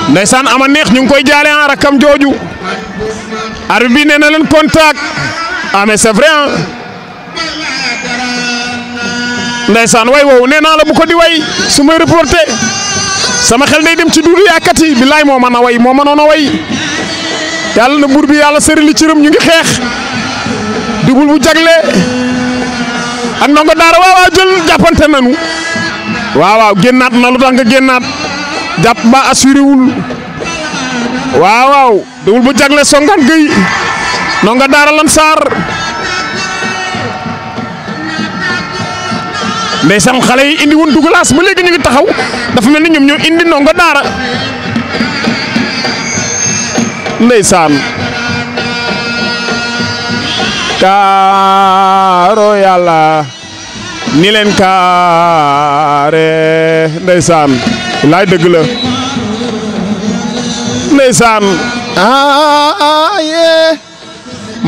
ndeysaan ama neex ñu ngi koy jaale ah rakkam jooju. arbitre bi nee na leen contact ah mais c'est ndeysaan way woowu nee naa la bu ko di way su may reporté sama xel day dem ci duuru yaakat yi billaay moo mën a way moo mënoon a way yàlla na buur bi yàlla sërili cëram ñu ngi xeex dubul bu jagle ak ndongo daara waaw waaw jël jàppante nanu waaw waaw génnaat na lu tax nga jàpp ba assuré wul. waaw waaw Double bu jagle songaan gëy nonga daara lan saar ndeysaan xale yi indi woon dugalaas ba léegi ñu ngi taxaw dafa mel ni ñoom ñoo indi nonga daara ndeysaan kaaro yàlla ni leen kaare ndeysaan laay dëgg la ndeysaan aaye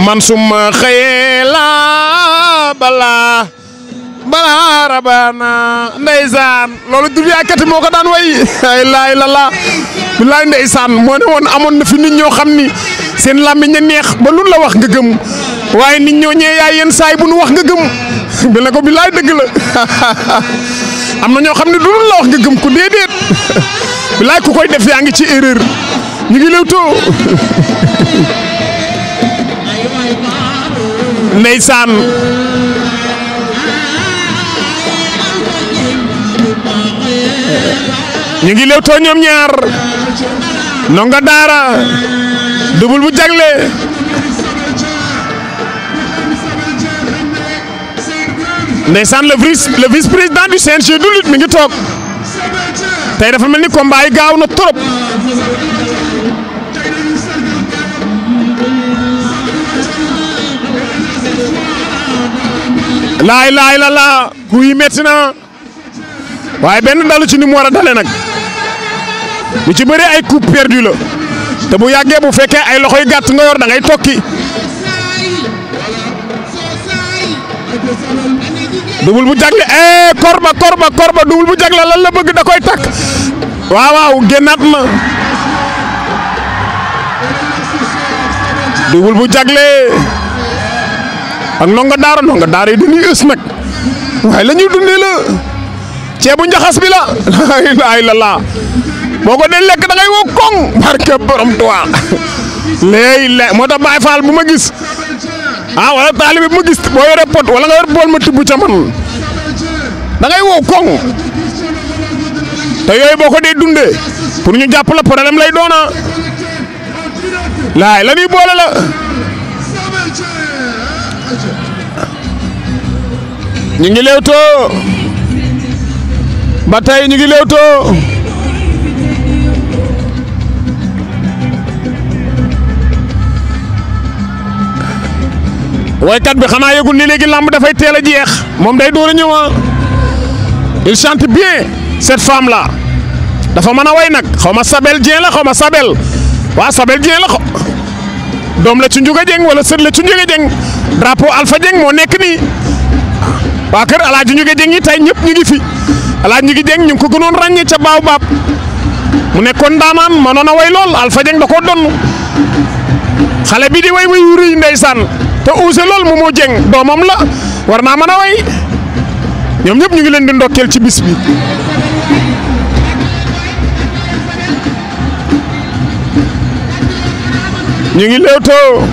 man suma xëyee laa balaa balaa rabana ndeysaan loolu du yaakati moo ko daan way ay laay la laa bilaay ndeysaan moo ne woon amoon na fi nit ñoo xam ni seen làmmiñ a neex ba lu la wax nga gëm waaye nit ñoo ñee yaay yenn saay bu nu wax nga gëm bi ko bilaay dëgg la am na ñoo xam ne du lu la wax nga gëm ko déedéet bilaay ku koy def yaa ngi ci erreur ñu ngi lewtoo ndeysaan ñu ngi lewtoo ñoom ñaar ndongo daara dubul bu jagle ndeysaan le vice le vice président du CNG du lutte mi ngi toog tey dafa mel ni combat yi gaaw na trop laay laay la laa ku yi métti na benn dalu ci ni mu war a dalee nag lu ci bëri ay coup perdu la te bu yàggee bu fekkee ay loxoy gàtt nga yor dangay ngay tokki dubul bu jagle eh korba korba korba dubul bu jagle lan la bëgg da koy takk waaw waaw génnaat dubul bu jagle. ak ndongo daara ndongo daara yi dañuy ës nag waaye la ñuy dundee la ceebu njaxas bi la laa ilaaha boo ko dee lekk da ngay woo koŋ barke borom Tuubaa léegi le moo tax Baay Faal bu ma gis ah wala taalibe bu ma gis boo yore pot wala nga yor bool ma tibb ca dangay da ngay koŋ te yooyu boo ko dee dundee pour ñu jàpp la problème lay doona laay la boole la. ñu ngi lewtoo ba tey ñu ngi lewtoo waykat bi xanaa yëgul ni léegi làmb dafay teel a jeex moom day door a ñëwa ah. il chante bien cette femme là dafa mën a way nag xaw ma Sabel Dieng la xaw ma Sabel waa Sabel Dieng la doom la ci Ndiouga Dieng wala la ci Ndiouga drapeau Alpha moo nekk nii waa kër El ñu ngi yi tey ñëpp ñu ngi fi El ñu ngi ñu ngi ko gënoon ràññee ca baaw baab mu nekkoon daanaan mënoon a way lool Alpha Dieng da koo donn xale bi di way way yu rëy ndeysaan te uuse lool mu moo jëng doomam la war naa mën a way ñoom ñëpp ñu ngi leen di ndokkeel ci bis ñu ngi léewtoo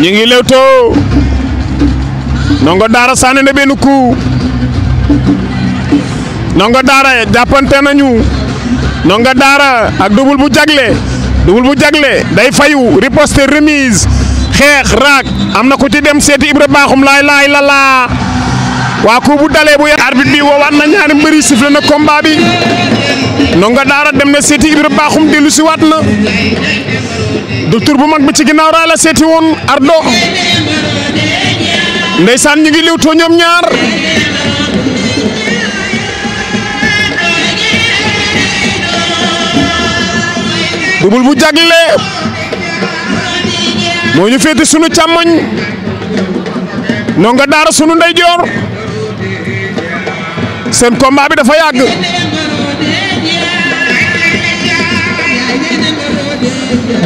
ñu ngi lewtoo ndongo daara sànni na benn coup ndongo daara jàppante nañu ndongo daara ak double bu jagle double bu jagle day fayu riposte remise xeex raak am na ko ci dem seeti Ibra Baaxum laay laay la laa waa coup bu dalee bu yàgg arbitre bi woowaat na ñaari mbëri sifflé na combat bi ndongo daara dem na seeti Ibra Bakhoum dellu si waat na docteur bu mag bi ci ginnaaw raay la seeti woon Ardo ndeysaan ñu ngi liwtoo ñoom ñaar bubul bu jagle moo ñu féete suñu càmmoñ ndongo daara suñu ndeyjoor seen combat bi dafa yàgg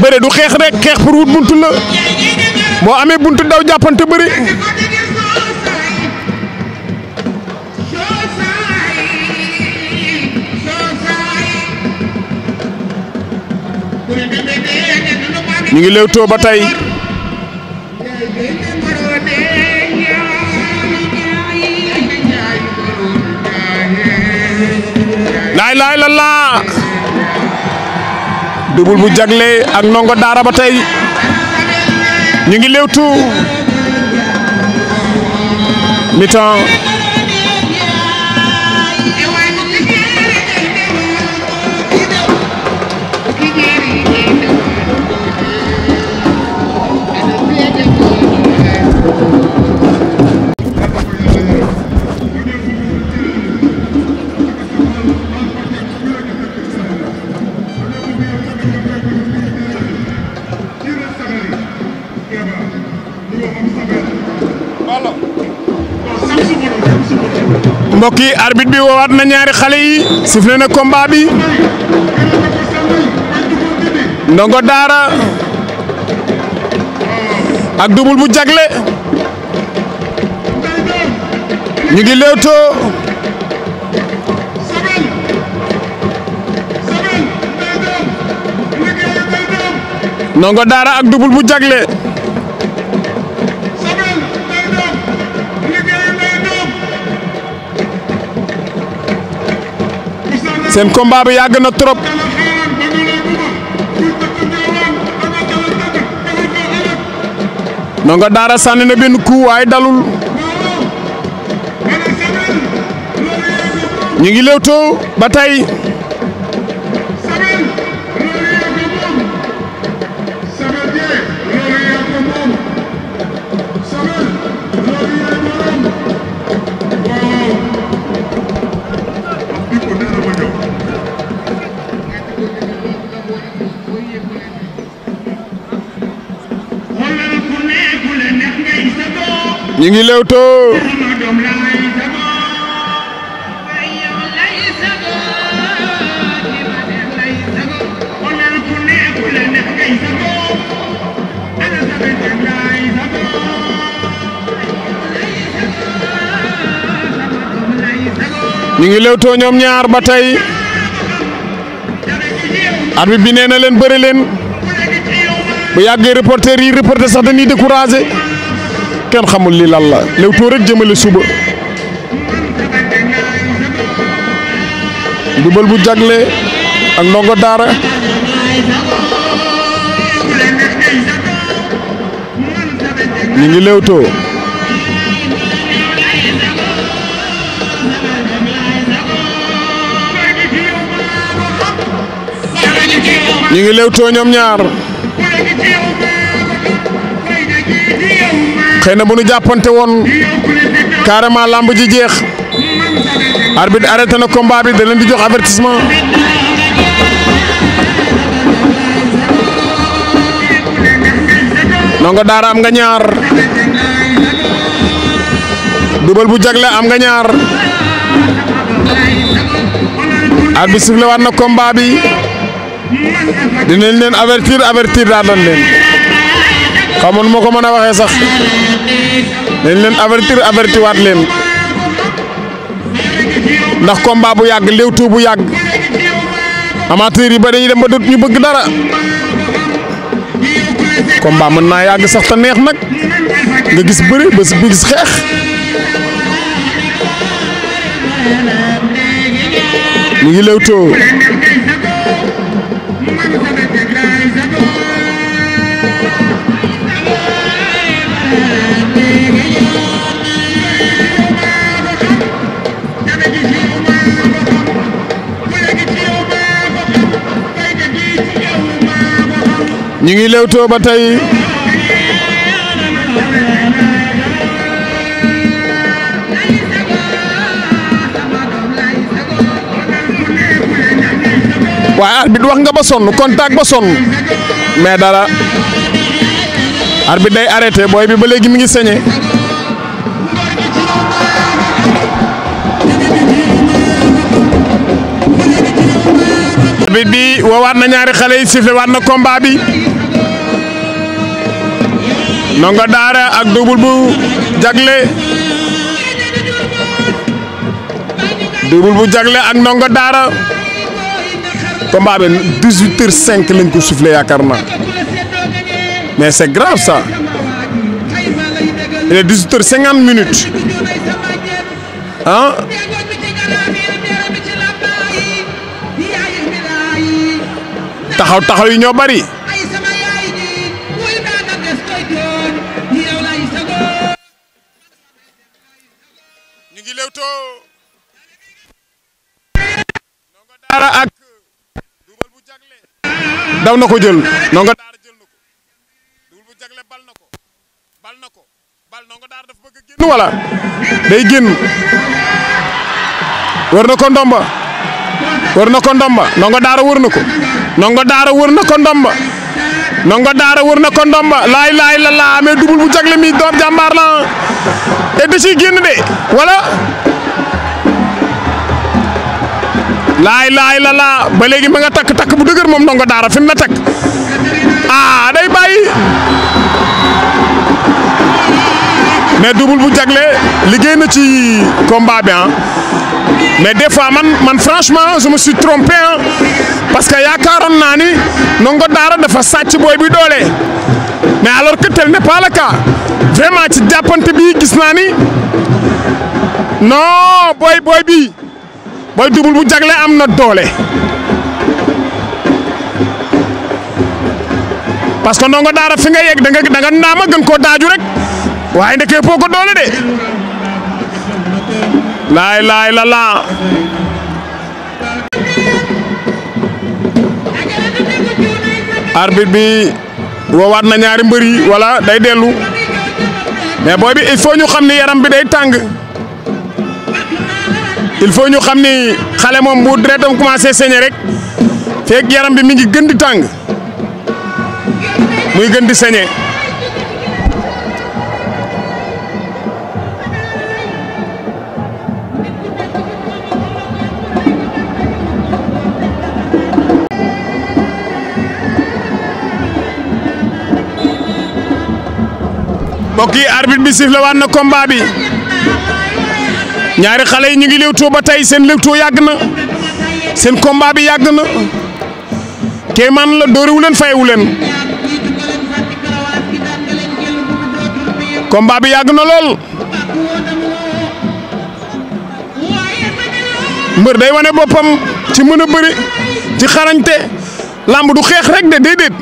bëre du xeex rek xeex pour wut buntu la boo amee bunt daw jàppante bëri ñu ngi léewtoo ba tey laay laay la laa Double bu jagle ak ndongo daara ba tey ñu ngi léewtu mi-temps mbokk yi arbitre bi woowaat na ñaari xale yi sifflé na combat bi ndongo daara ak Double bu jagle ñu ngi léewtoo ndongo daara ak Double bu jagle seen combat bi yàgg na trop Ndongo Daara sànni na benn coup waaye dalul ñu ngi léwtoo ba tey ñu ngi lewtoo ñu ngi lewtoo ñoom ñaar ba tey bi nee na leen bëri leen bu yàggee reporter yi reporter sax dañuy découragé kenn xamul li lan la Leewtoo rek jëmale suba jubal bu jagle ak ndongo daara ñu ngi Leewtoo ñoom ñaar xëy na bu nu jàppante woon carrément lamb ji jeex arbitre arrêté na combat bi da di jox avertissement ndongo daara am nga ñaar dubal bu jagle am nga ñaar arbitre sifflé waat na combat bi dinañ leen avertir avertir daal leen. xaw ma nu ko mën a waxee sax dañ leen avertir avertir waat leen ndax combat bu yàgg léewtu bu yàgg amateur yi ba dañuy dem ba dut ñu bëgg dara combat mën naa yàgg sax te neex nag nga gis bëri ba si gis xeex ñu ngi léewtoo ñu ngi lewtoo ba tey waaye arbitre wax nga ba son contact ba sonn mais dara arbitre day arrêté booy bi ba léegi mi ngi sañe arbitre bi woowaat na ñaari xale yi sifflé waat na combat bi ndongo daara ak double bu jagle double bu jagle ak ndongo daara combat bi 18 heures 5 lañ ko soufflé yaakaar naa mais c'est grave ça il est 18 heures 50 minutes ah. taxaw taxaw yi ñoo bari. daw na ko jël ndongo daara jël na ko duul bu jagle bal na ko bal na ko bal ndongo daara dafa bëgg a génn wala day génn wër na ko ndomba wër na ko ndomba ndongo daara wër na ko ndongo daara wër na ko ndomba ndongo daara wër na ko ndomba laay laay la laa mais duul bu jagle mi doom jàmbaar la te da ciy génn de wala laay laay la laa ba léegi ma nga takk takk bu dëgër moom ndongo daara fi na la takk ah day bàyyi mais double bu jagle liggéey na ci combat bi ah mais des fois man man franchement je si suis trompé ah parce que yaakaaroon naa ni ndongo daara dafa sàcc booy bi doole mais alors que tel n'est pas le cas vraiment ci jàppante bi gis naa ni non booy booy bi. Boy Double bu jagle am na doole parce que ndongo daara fi nga yegg da nga naama gën koo daaju rek waaye ndekee poo ko doole de laay laay la laa arbitre bi woowaat na ñaari mbër yi wala day dellu mais booy bi il faut xam ni yaram bi day tàng il faut ñu xam ni xale moom bu deretam commencé rek feeg yaram bi mi ngi gën di tàng muy gën di saigné mbokk yi arbitre bi sifflé waat na combat bi ñaari xale yi ñu ngi léewtoo ba tey seen léewtoo yàgg na seen combat bi yàgg na kéemaan la dóorewu leen fayewu leen combat bi yàgg na lool mbër day wane boppam ci mën a bëri ci xarañte làmb du xeex rek de déedéet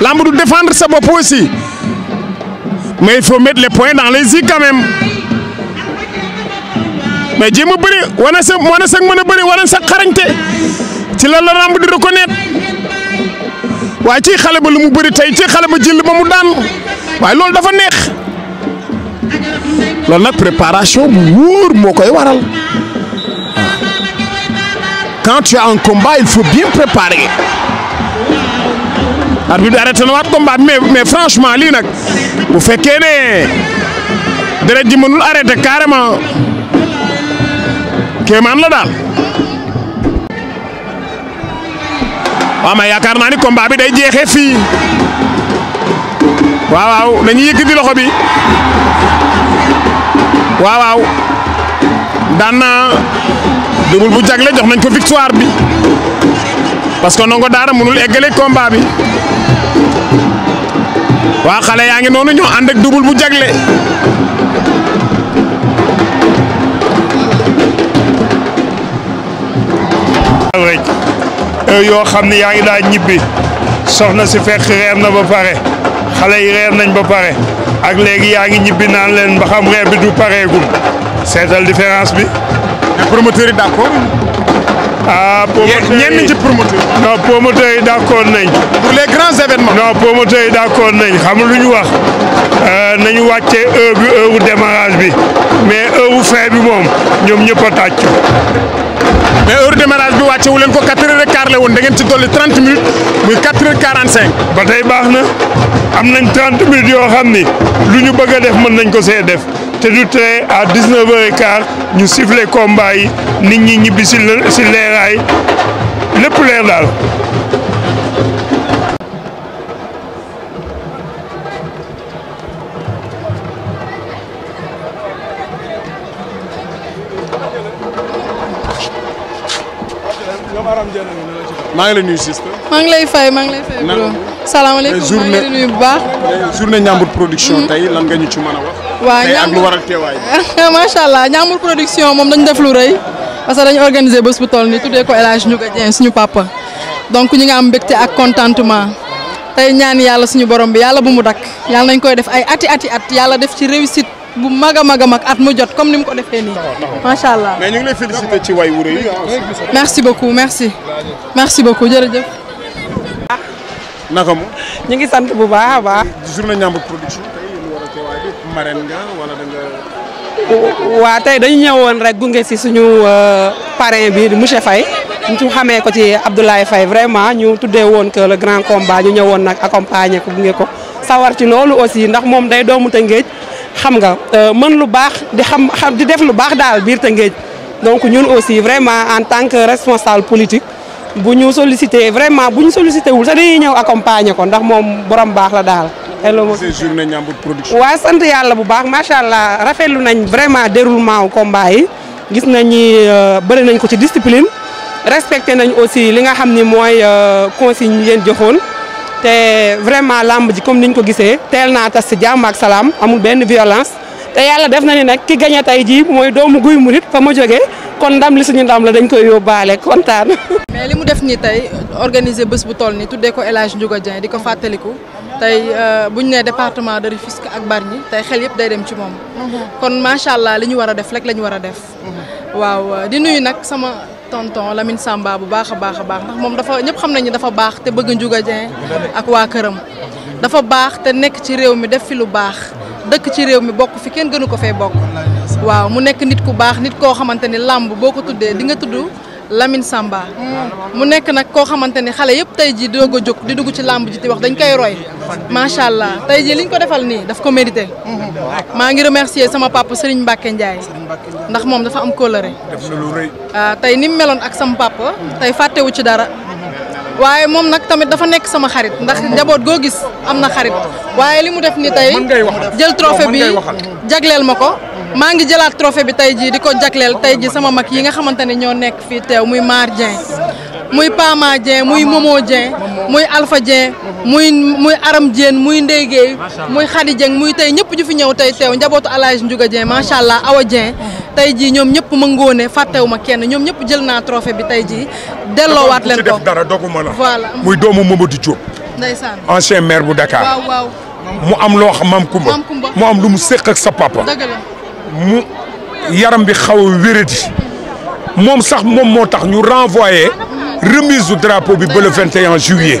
làmb du défendre sa bopp aussi mais il faut mettre les points dans mais jéem a bëri wane sa wane sa mën a bëri wane sa xarañte ci la la lamb di reconnaître waaye ci xale ba lu mu bëri tey ci xale ba jël ba daan waaye loolu dafa neex loolu nag préparation bu wóor moo koy waral quand tu as un combat il faut bien préparer. arbitre bi arrêté na waat combat mais mais franchement lii nag bu fekkee ne deret ji mënul arrêté kéemaan la daal waaw ma yaakaar naa ni combat bi day jeexee fii waaw waaw dañuy yëkkati loxo bi waaw waaw daan na Double bu jagle jox nañ ko victoire bi parce que Ndongo Daara mënul eggale combat bi waa xale yaa ngi noonu ñoo ànd ak Double bu jagle. Euh, yoo xam ne yaa ngi daa ñibbi soxna si fekk reer na ba pare xale yi reer nañ ba pare ak léegi yaa ngi ñibbi naan leen ba xam reer bi du pareegul seetal différence bi. mais promoteurs yi d'accord. ah promoteurs yi ñenn nañ. pour les grands yi d'accord nañ xam lu ñu wax euh, nañu wàccee heure bi heure bu bi mais heure fin bi moom ñoom ñëpp a mais heure démarrage bi wàcce wu leen ko 4 heures et quart la woon da ngeen ci dolli 30 minutes muy ba tey baax na am nañ 30 minutes yoo xam ni lu ñu bëgg a def mën nañ ko see def te du tee à 19 heures et quart ñu sifflé combat yi nit ñi ñibbi si si leeraay lépp leer daal. maa ngi lay nuyu sister. maa ngi lay maa ngi lay fay. nan la salaamaaleykum maa bu baax. journée Ndiambour production mm-hmm. tey lan nga waa tey ak lu waral macha allah Ndiambour production moom dañu def lu rëy parce que dañu organiser bés bu toll ni tuddee ko El Hadj suñu papa donc ñi nga am mbégte ak contentement tey ñaan yàlla suñu borom bi yàlla bu mu dakk yàlla nañ koy def ay ati ati at yàlla def ci réussite. bu mag a mag a mag at mu jot comme ni mu ko defee nii macha allah. mais ñu ngi lay féliciter ci way wure yi merci beaucoup merci. merci beaucoup jërëjëf. ñu ngi sant bu baax baax. journée Ndiambour production tey waa tey dañu ñëwoon rek gunge si suñu euh, parrain bi monsieur Faye ñu xamee ko ci Abdoulaye fay vraiment ñu tuddee woon que le grand combat ñu ñëwoon nag accompagner ko gunge ko sawar ci loolu aussi ndax moom day doomu Tëngéej xam nga euh, mën lu baax di xam di def lu baax daal biir Tëngéej donc ñun aussi vraiment en tant que responsable politique bu ñu sollicité vraiment bu ñu sollicité wul sax dañuy ñëw accompagner ko ndax moom borom baax la daal. journée Ndiambour production. waaw sant yàlla bu baax macha allah rafetlu nañ vraiment déroulement wu combat yi gis nañ ni euh, bëri nañ ko ci discipline respecté nañ aussi li nga xam ni mooy euh, consigne yi ngeen joxoon. te vraiment lamb ji comme niñ ko gisee teel naa tas si jàmm ak salaam amul benn violence te yàlla def na ni nag ki gañe tey jii mooy doomu guy murit fa ma jógee kon ndam li suñu ndam la dañ koy yóbbaale kontaan. mais li mu def nii tey organiser bés bu toll nii tuddee ko élage Hadj Ndiouga Dieng di ko fàttaliku tey euh, bu ñu nee département de Rufisque ak Bargny tey xel yëpp day dem ci moom. Mhm. kon macha allah li ñu war a def rek la ñu war a def. Mhm. waaw di nuyu nag sama. tonton Lamine Samba bu baax a baax a baax ndax moom dafa ñëpp xam nañu dafa baax te bëgg Ndiouga Dieng ak waa këram dafa baax te nekk ci réew mi def fi lu baax dëkk ci réew mi bokk fi kenn gënu ko fee bokk waaw mu nekk nit ku baax nit koo xamante ni làmb boo ko tuddee di nga tudd Lamine Samba mu nekk nag koo xamante ni xale yëpp tey ji doog a jóg di dugg ci làmb ji di wax dañ koy roy macha allah tey ji liñ ko defal nii daf ko mérité maa ngi remercier sama papa Serigne Mbacke Ndiaye ndax moom dafa am kóllëre ah, tey ni mu meloon ak sama papa tey fàttewu ci dara waaye moom nag tamit dafa nekk sama xarit ndax njaboot goo gis am na xarit waaye li mu def ni tey jël trophée bi jagleel ma ko maa ngi jëlaat trophée bi tey jii di ko jagleel tey jii sama mag yi nga xamante ne ñoo nekk fii teew muy maar Dieng muy Pama Dieng muy Momo Dieng muy Alpha Dieng muy muy Aram Dieng muy Ndeye Gueye muy Khady Dieng muy tey ñëpp ñu fi ñëw tey teew njabootu Alaaji Ndiouga Dieng macha allah Awa Dieng tey jii ñoom ñëpp ma ngóone fàttewu ma kenn ñoom ñëpp jël naa trophée bi tey jii delloowaat leen ko dara doguma la muy doomu Mamadou Diop ndeysaan ancien maire bu Dakar mu am loo xam maam Kumba mu am lu mu ak sa papa mu yaram bi xaw a wéradi moom sax moom moo tax ñu renvoyé remise du drapeau bi ba le 21 juillet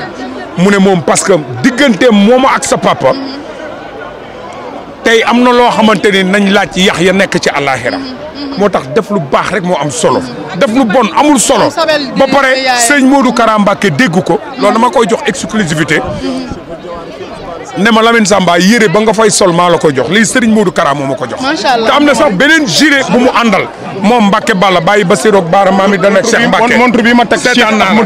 mu ne moom parce que digganteem moomu ak sa papa tey am na loo xamante ni nañ laaj yax ya nekk ci àllaaxira moo tax def lu baax rek moo am solo def lu bon amul solo ba pare sëñ Modou Kara Mbacké dégg ko loolu dama koy jox exclusivité ne ma la Lamine Samba yére ba nga fay sol maa la ko jox lii Serigne Modou Kara moo ma ko jox. macha allah te am na sax beneen gilet bu mu àndal. moom Mbacke Balla bàyyi ba ak Baara maam it dana ak Cheikh Mbacke montre bi ma teg seetaan naa la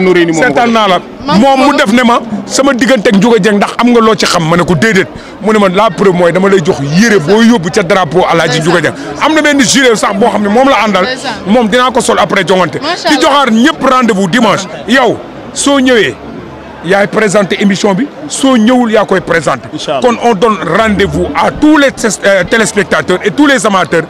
moom seetaan naa mu def ne ma sama diggante ak Ndiouga Dieng ndax am nga loo ci xam ma ne ko déedéet mu ne ma la preuve mooy dama lay jox yére boo yóbbu ca drapeau Alaaji Ndiouga Dieng am na benn gilet sax boo xam ne moom la àndal moom dinaa ko sol après jongante di joxaar ñëpp rendez-vous dimanche yow soo ñëwee yaay présenté émission bi soo ñëwul yaa koy présenté kon on donne rendez-vous à tous les euh, téléspectateurs et tous les amateurs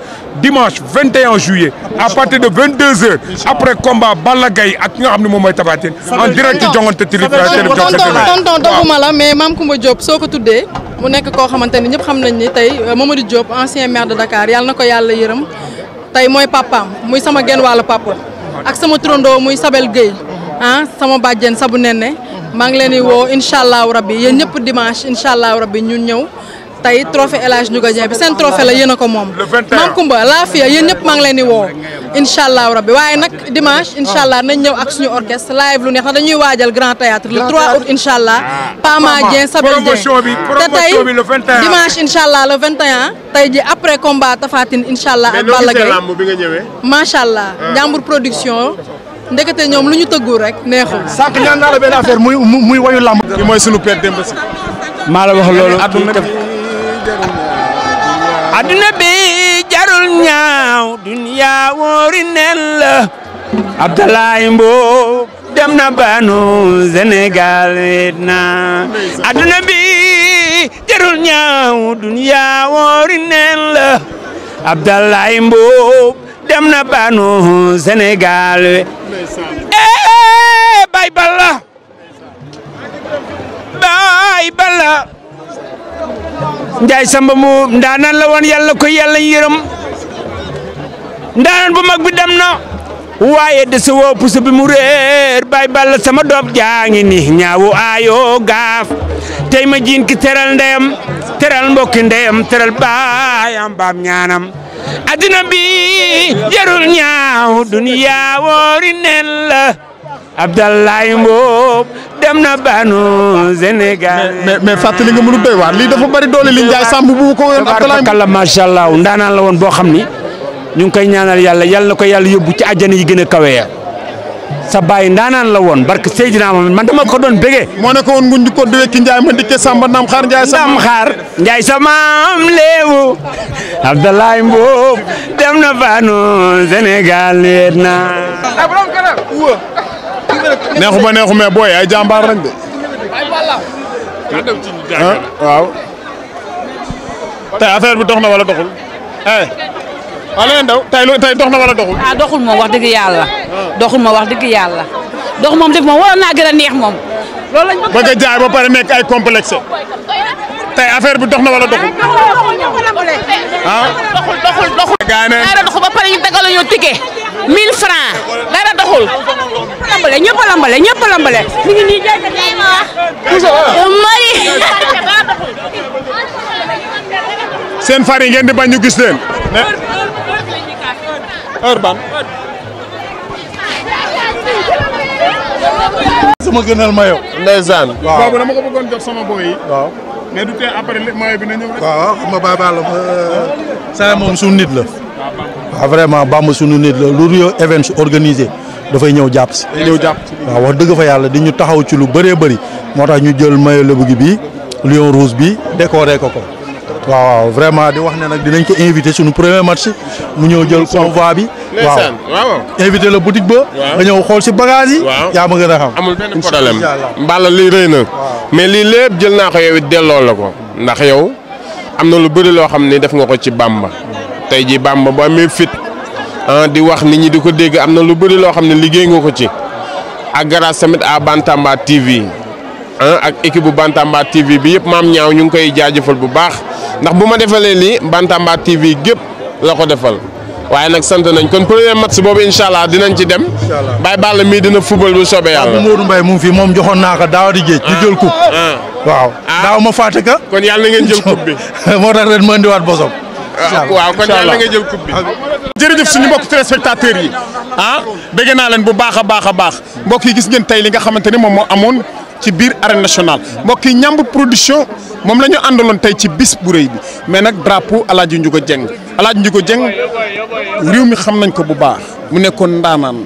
dimanche 21 juillet à partir de 22h après combat Balla Gaye ak nga xam ne moom mooy Tapha Tine en direct ci jongante télé tonton doguma la mais Mame Coumba Diop soo ko tuddee mu nekk koo xamante ni ñëpp xam nañ ni tey euh, Mamadou Diop ancien maire de Dakar yàlla na ko yàlla yërëm tey mooy papaam muy sama genn wàllu papa ak sama turandoo muy Sabel Gueye ah sama bàjjeen sabu nenne maa ngi leen di woo incha allahu rabbi yéen ñëpp dimanche incha allahu rabbi ñun ñëw tey trophée El Hadj Ndiouga Dieng bi seen trophée la yéen ko moom maam Kumba laafiya yéen ñëpp maa ngi leen di woo incha allahu rabbi waaye nag dimanche incha allah nañ ñëw ak suñu orchestre live lu neex na dañuy waajal grand théâtre le 3 août incha allah ah, Pama Dieng Sabel Dieng te tey dimanche incha allah vingt 21 tey ji après combat Tapha Tine incha allah ak Balla Gaye macha allah Ndiambour production ndekete ñoom lu ñu tëggul rek neexul. sànq ñaan naa la benn affaire muy muy wayu làmb. kii mooy sunu père Demba Sy. maa la wax loolu adduna bi dem na banu Sénégal na adduna bi dem na banu Sénégal eh bay balla bay balla Njaay Samba mu ndaanaan la woon yàlla ko yàlla yërëm ndaanaan bu mag bi dem waaye de sa woo puso bi mu balla sama doom jaangi ni ñaawu aayo gaaf tey ma jiin ki teral ndeyam teral mbokki ndeyam teral baayam baam ñaanam addina bi jarul ñaaw duniyaa woori nen la Abdoulaye Mboup dem na banu Sénégal. mais mais fàttali nga mënu doy waar lii dafa bari doole li Ndiaye Samb bu ko woon Abdoulaye Mboup macha allah ndaanaan la woon boo xam ni ñu ngi koy ñaanal yàlla yàlla na ko yàlla yóbbu ci àjjana yi gën a sa baay ndaanaan la woon barke Seydina Mohamed man dama ko doon bégee. moo ko woon nguñ ko diwekki Ndiaye ma dikkee Samba Ndam Xaar Ndiaye. Ndam Xaar Ndiaye sama am léewu Abdoulaye dem na baanu Sénégal weet naa. neexu ba neexu ay jàmbaar lañ de. bi dox waaw leneen daw tey dox na wala doxul. ah doxul moom wax dëgg yàlla. Ah. doxul moom wax dëgg yàlla. dox moom def moom waroon naa gën neex moom. loolu lañ jaay ba pare nekk ay complexe. tey affaire bi dox na wala doxul. ah doxul doxul dara doxul ba pare ñu daggalu ñu ticket. 1000 francs dara doxul. ñëpp a lambale ñëpp a lambale mi ngi nii jaay ma wax. mari. seen far yi di bañ ñu heure sama gënal ma yow. ndeysaan. waaw boobu yi. moom euh, suñu nit la. waaw ah, vraiment Bamba suñu nit la lu Rio Events organisé dafay ñëw jàpp si. day waaw wax dëgg fa yàlla di ñu taxaw ci lu bëree bari moo tax ñu jël maillot Lebougui bi lion rouge bi décoré ko ko. waaw waaw vraiment di wax ne nag dinañ ko invité suñu premier match mu ñëw jël convoi bi. waaw invité la boutique ba. nga ñëw xool si bagage yi. yaa ma gën a xam. amul mbala lii rey na. mais lii lépp jël naa ko yow it delloo la ko. ndax yow am na lu bëri loo xam ne def nga ko ci ba tey jii Bamba boo amee fit ah, di wax nit ñi di ko dégg am na lu bëri loo xam ne liggéey nga ko ci. ak grâce tamit à Bantamba TV. Ah, ak équipe bu TV bi yëpp maam ñaaw ñu ngi koy jaajëfal bu baax. ndax bu ma defalee lii Bantamba TV gépp la ko defal waaye nag sant nañ kon premier match boobu incha allah dinañ ci dem. incha allah Baye mii dina football bu soobee yàlla. Modou moom joxoon naa ko daaw di géej. ñu ah. jël ah. Ah. ma fàtte ka. kon yàlla na ngeen jël coupe bi. moo tax ren ma indiwaat bosom. waaw kon yàlla na ngeen jël coupe bi. jërëjëf suñu mbokk téléspectateurs yi ah bëgg naa leen bu baax a baax a baax mbokk yi gis ngeen tey li nga xamante ne moom moo amoon. ci biir arène nationale mbokk yi ñamb production moom la ñu àndaloon tey ci bis bu rëy bi mais nag drapo El Hadj Ndiouga Dieng El Hadj Ndiouga mi xam nañ ko bu baax mu nekkoon ndaanaan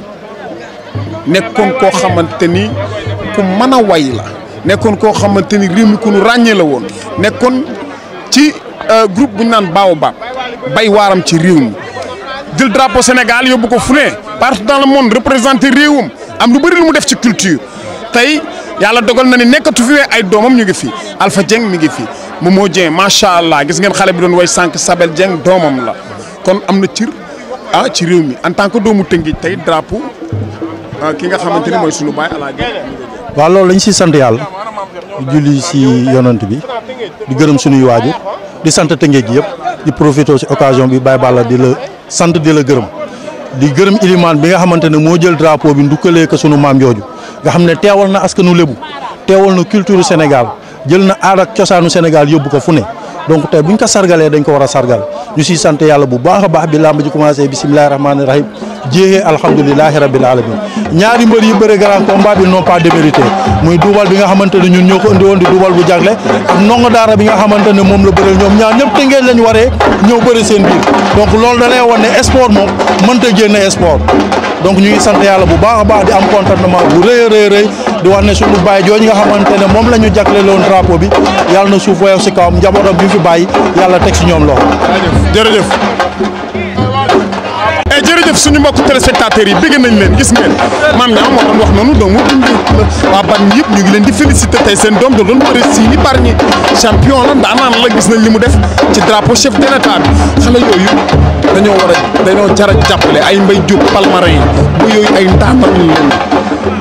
nekkoon koo xamante ni ku mën a way la nekkoon koo xamante ni réew mi ku nu ràññee la woon nekkoon ci euh, groupe bu ñu naan Baobab bay waaram ci réew mi jël drapeau Sénégal yóbbu ko fu ne partout dans le monde représenté réewam am lu bëri lu mu def ci culture tey. yàlla dogal na ni nekkatu fi ay doomam ñu ngi fi Alpha Dieng mi ngi fi moo Dieng macha allah gis ngeen xale bi doon way sànq Sabel jeng doomam la kon am na cir ah ci réew mi en tant que doomu Tëngéej tey drapeau ah, ki nga xamante ni mooy suñu baay Alaaji. waaw loolu lañ si sant yàlla di julli si yonant bi di gërëm sunuy waajur di sant Tëngéej gi yëpp di profité si occasion bi Baye Balla di la sant di la gërëm di gërëm ilimaan bi nga xamante ne moo jël drapo bi ndukkalee ko sunu maam jooju. nga xam ne teewal na askanu lébu teewal na culture Sénégal jël na aada ak cosaanu Sénégal yóbbu ko fu ne donc tey buñ ko sargalee dañ ko war a sargal ñu siy sant yàlla bu baax a baax bi làmb ji commencé bisimilahi rahmaani rahim jéexee alhamdulilahi rabil alamin ñaari mbër yi bëre grand combat bi non pas démérité muy duubal bi nga xamante ne ñun ñoo ko indi woon di duubal bu jagle ak ndongo daara bi nga xamante ne moom la bëreel ñoom ñaar ñëpp ngeen lañ waree ñëw bëri seen biir donc loolu da lay wan ne sport moom mënta génne sport donc ñu ngi sant yàlla bu baax a baax di am contentement bu rëy a rëy rëy di wax ne suñu bàyyi jooju nga xamante ne moom lañu ñu jagleel woon bi yàlla na suuf woyof si kawam njabootam bi fi bàyyi yàlla teg si ñoom loxo. jërëjëf suñu mbokk yi bëgg nañ leen gis ngeen maam ñaa moo doon waa ban yëpp ñu ngi leen di félicité tey seen doom da doon bëri si ni parñi champion la ndaanaan la gis nañ li mu def ci drapo chef de l'état bi yooyu dañoo war a dañoo jar a jàppale ay mbay jub palmarin yi bu yooyu ay ndaanal leen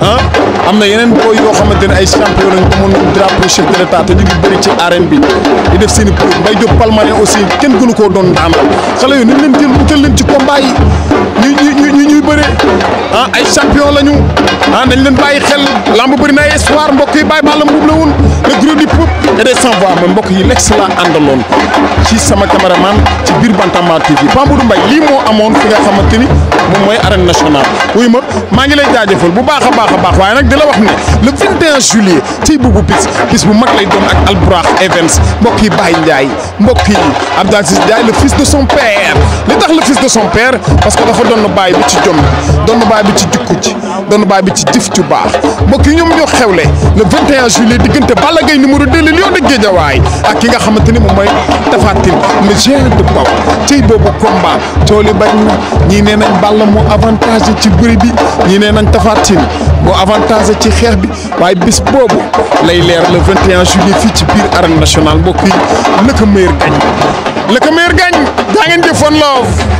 ah, am na yeneen booy yoo xamante ne ay champion lañ amoon drapeau chef de l'état te ñu ngi ci arène bi di def seen i preuve mbay jub palmarin aussi kenn gënu koo doon ndaanal xale yooyu nañ leen jël wutal leen ci combat yi bëre ah ay champion lañu ah nañ leen bàyyi xel lamb bëri na ay espoir mbokk yi bàyyi la woon le gros du et des sans voix man mbokk lex la àndaloon ci sama caméraman ci biir Bantamba TV Pamoudou Mbaye lii moo amoon fi nga xamante ni moom mooy arène nationale wuy ma maa ngi lay jaajëfal bu baax a baax a baax waaye nag di la wax ne le 21 juillet ci Boubou Pix gis bu mag lay doon ak Albourakh Events mbokk yi Baye Ndiaye mbokk yi Abdou Aziz Ndiaye le fils de son père li doon baay bi ci jukku ci doon baay bi ci jëf ju baax mbokk yi ñoom ñoo xewle le 21 juillet diggante Balla Gaye numéro 2 le lion de Guédiawaye ak ki nga xamante ni moom mooy Tapha Tine le géant de Bawol cey boobu combat cooli bañ na ñii nee nañ Balla moo avantage ci bëri bi ñii nee nañ Tapha Tine avantage ci xeex bi waaye bis boobu lay leer le 21 juillet fii ci biir arène nationale mbokk yi lëkka gañ lëkka meilleur gañ daa ngeen jëfoon loof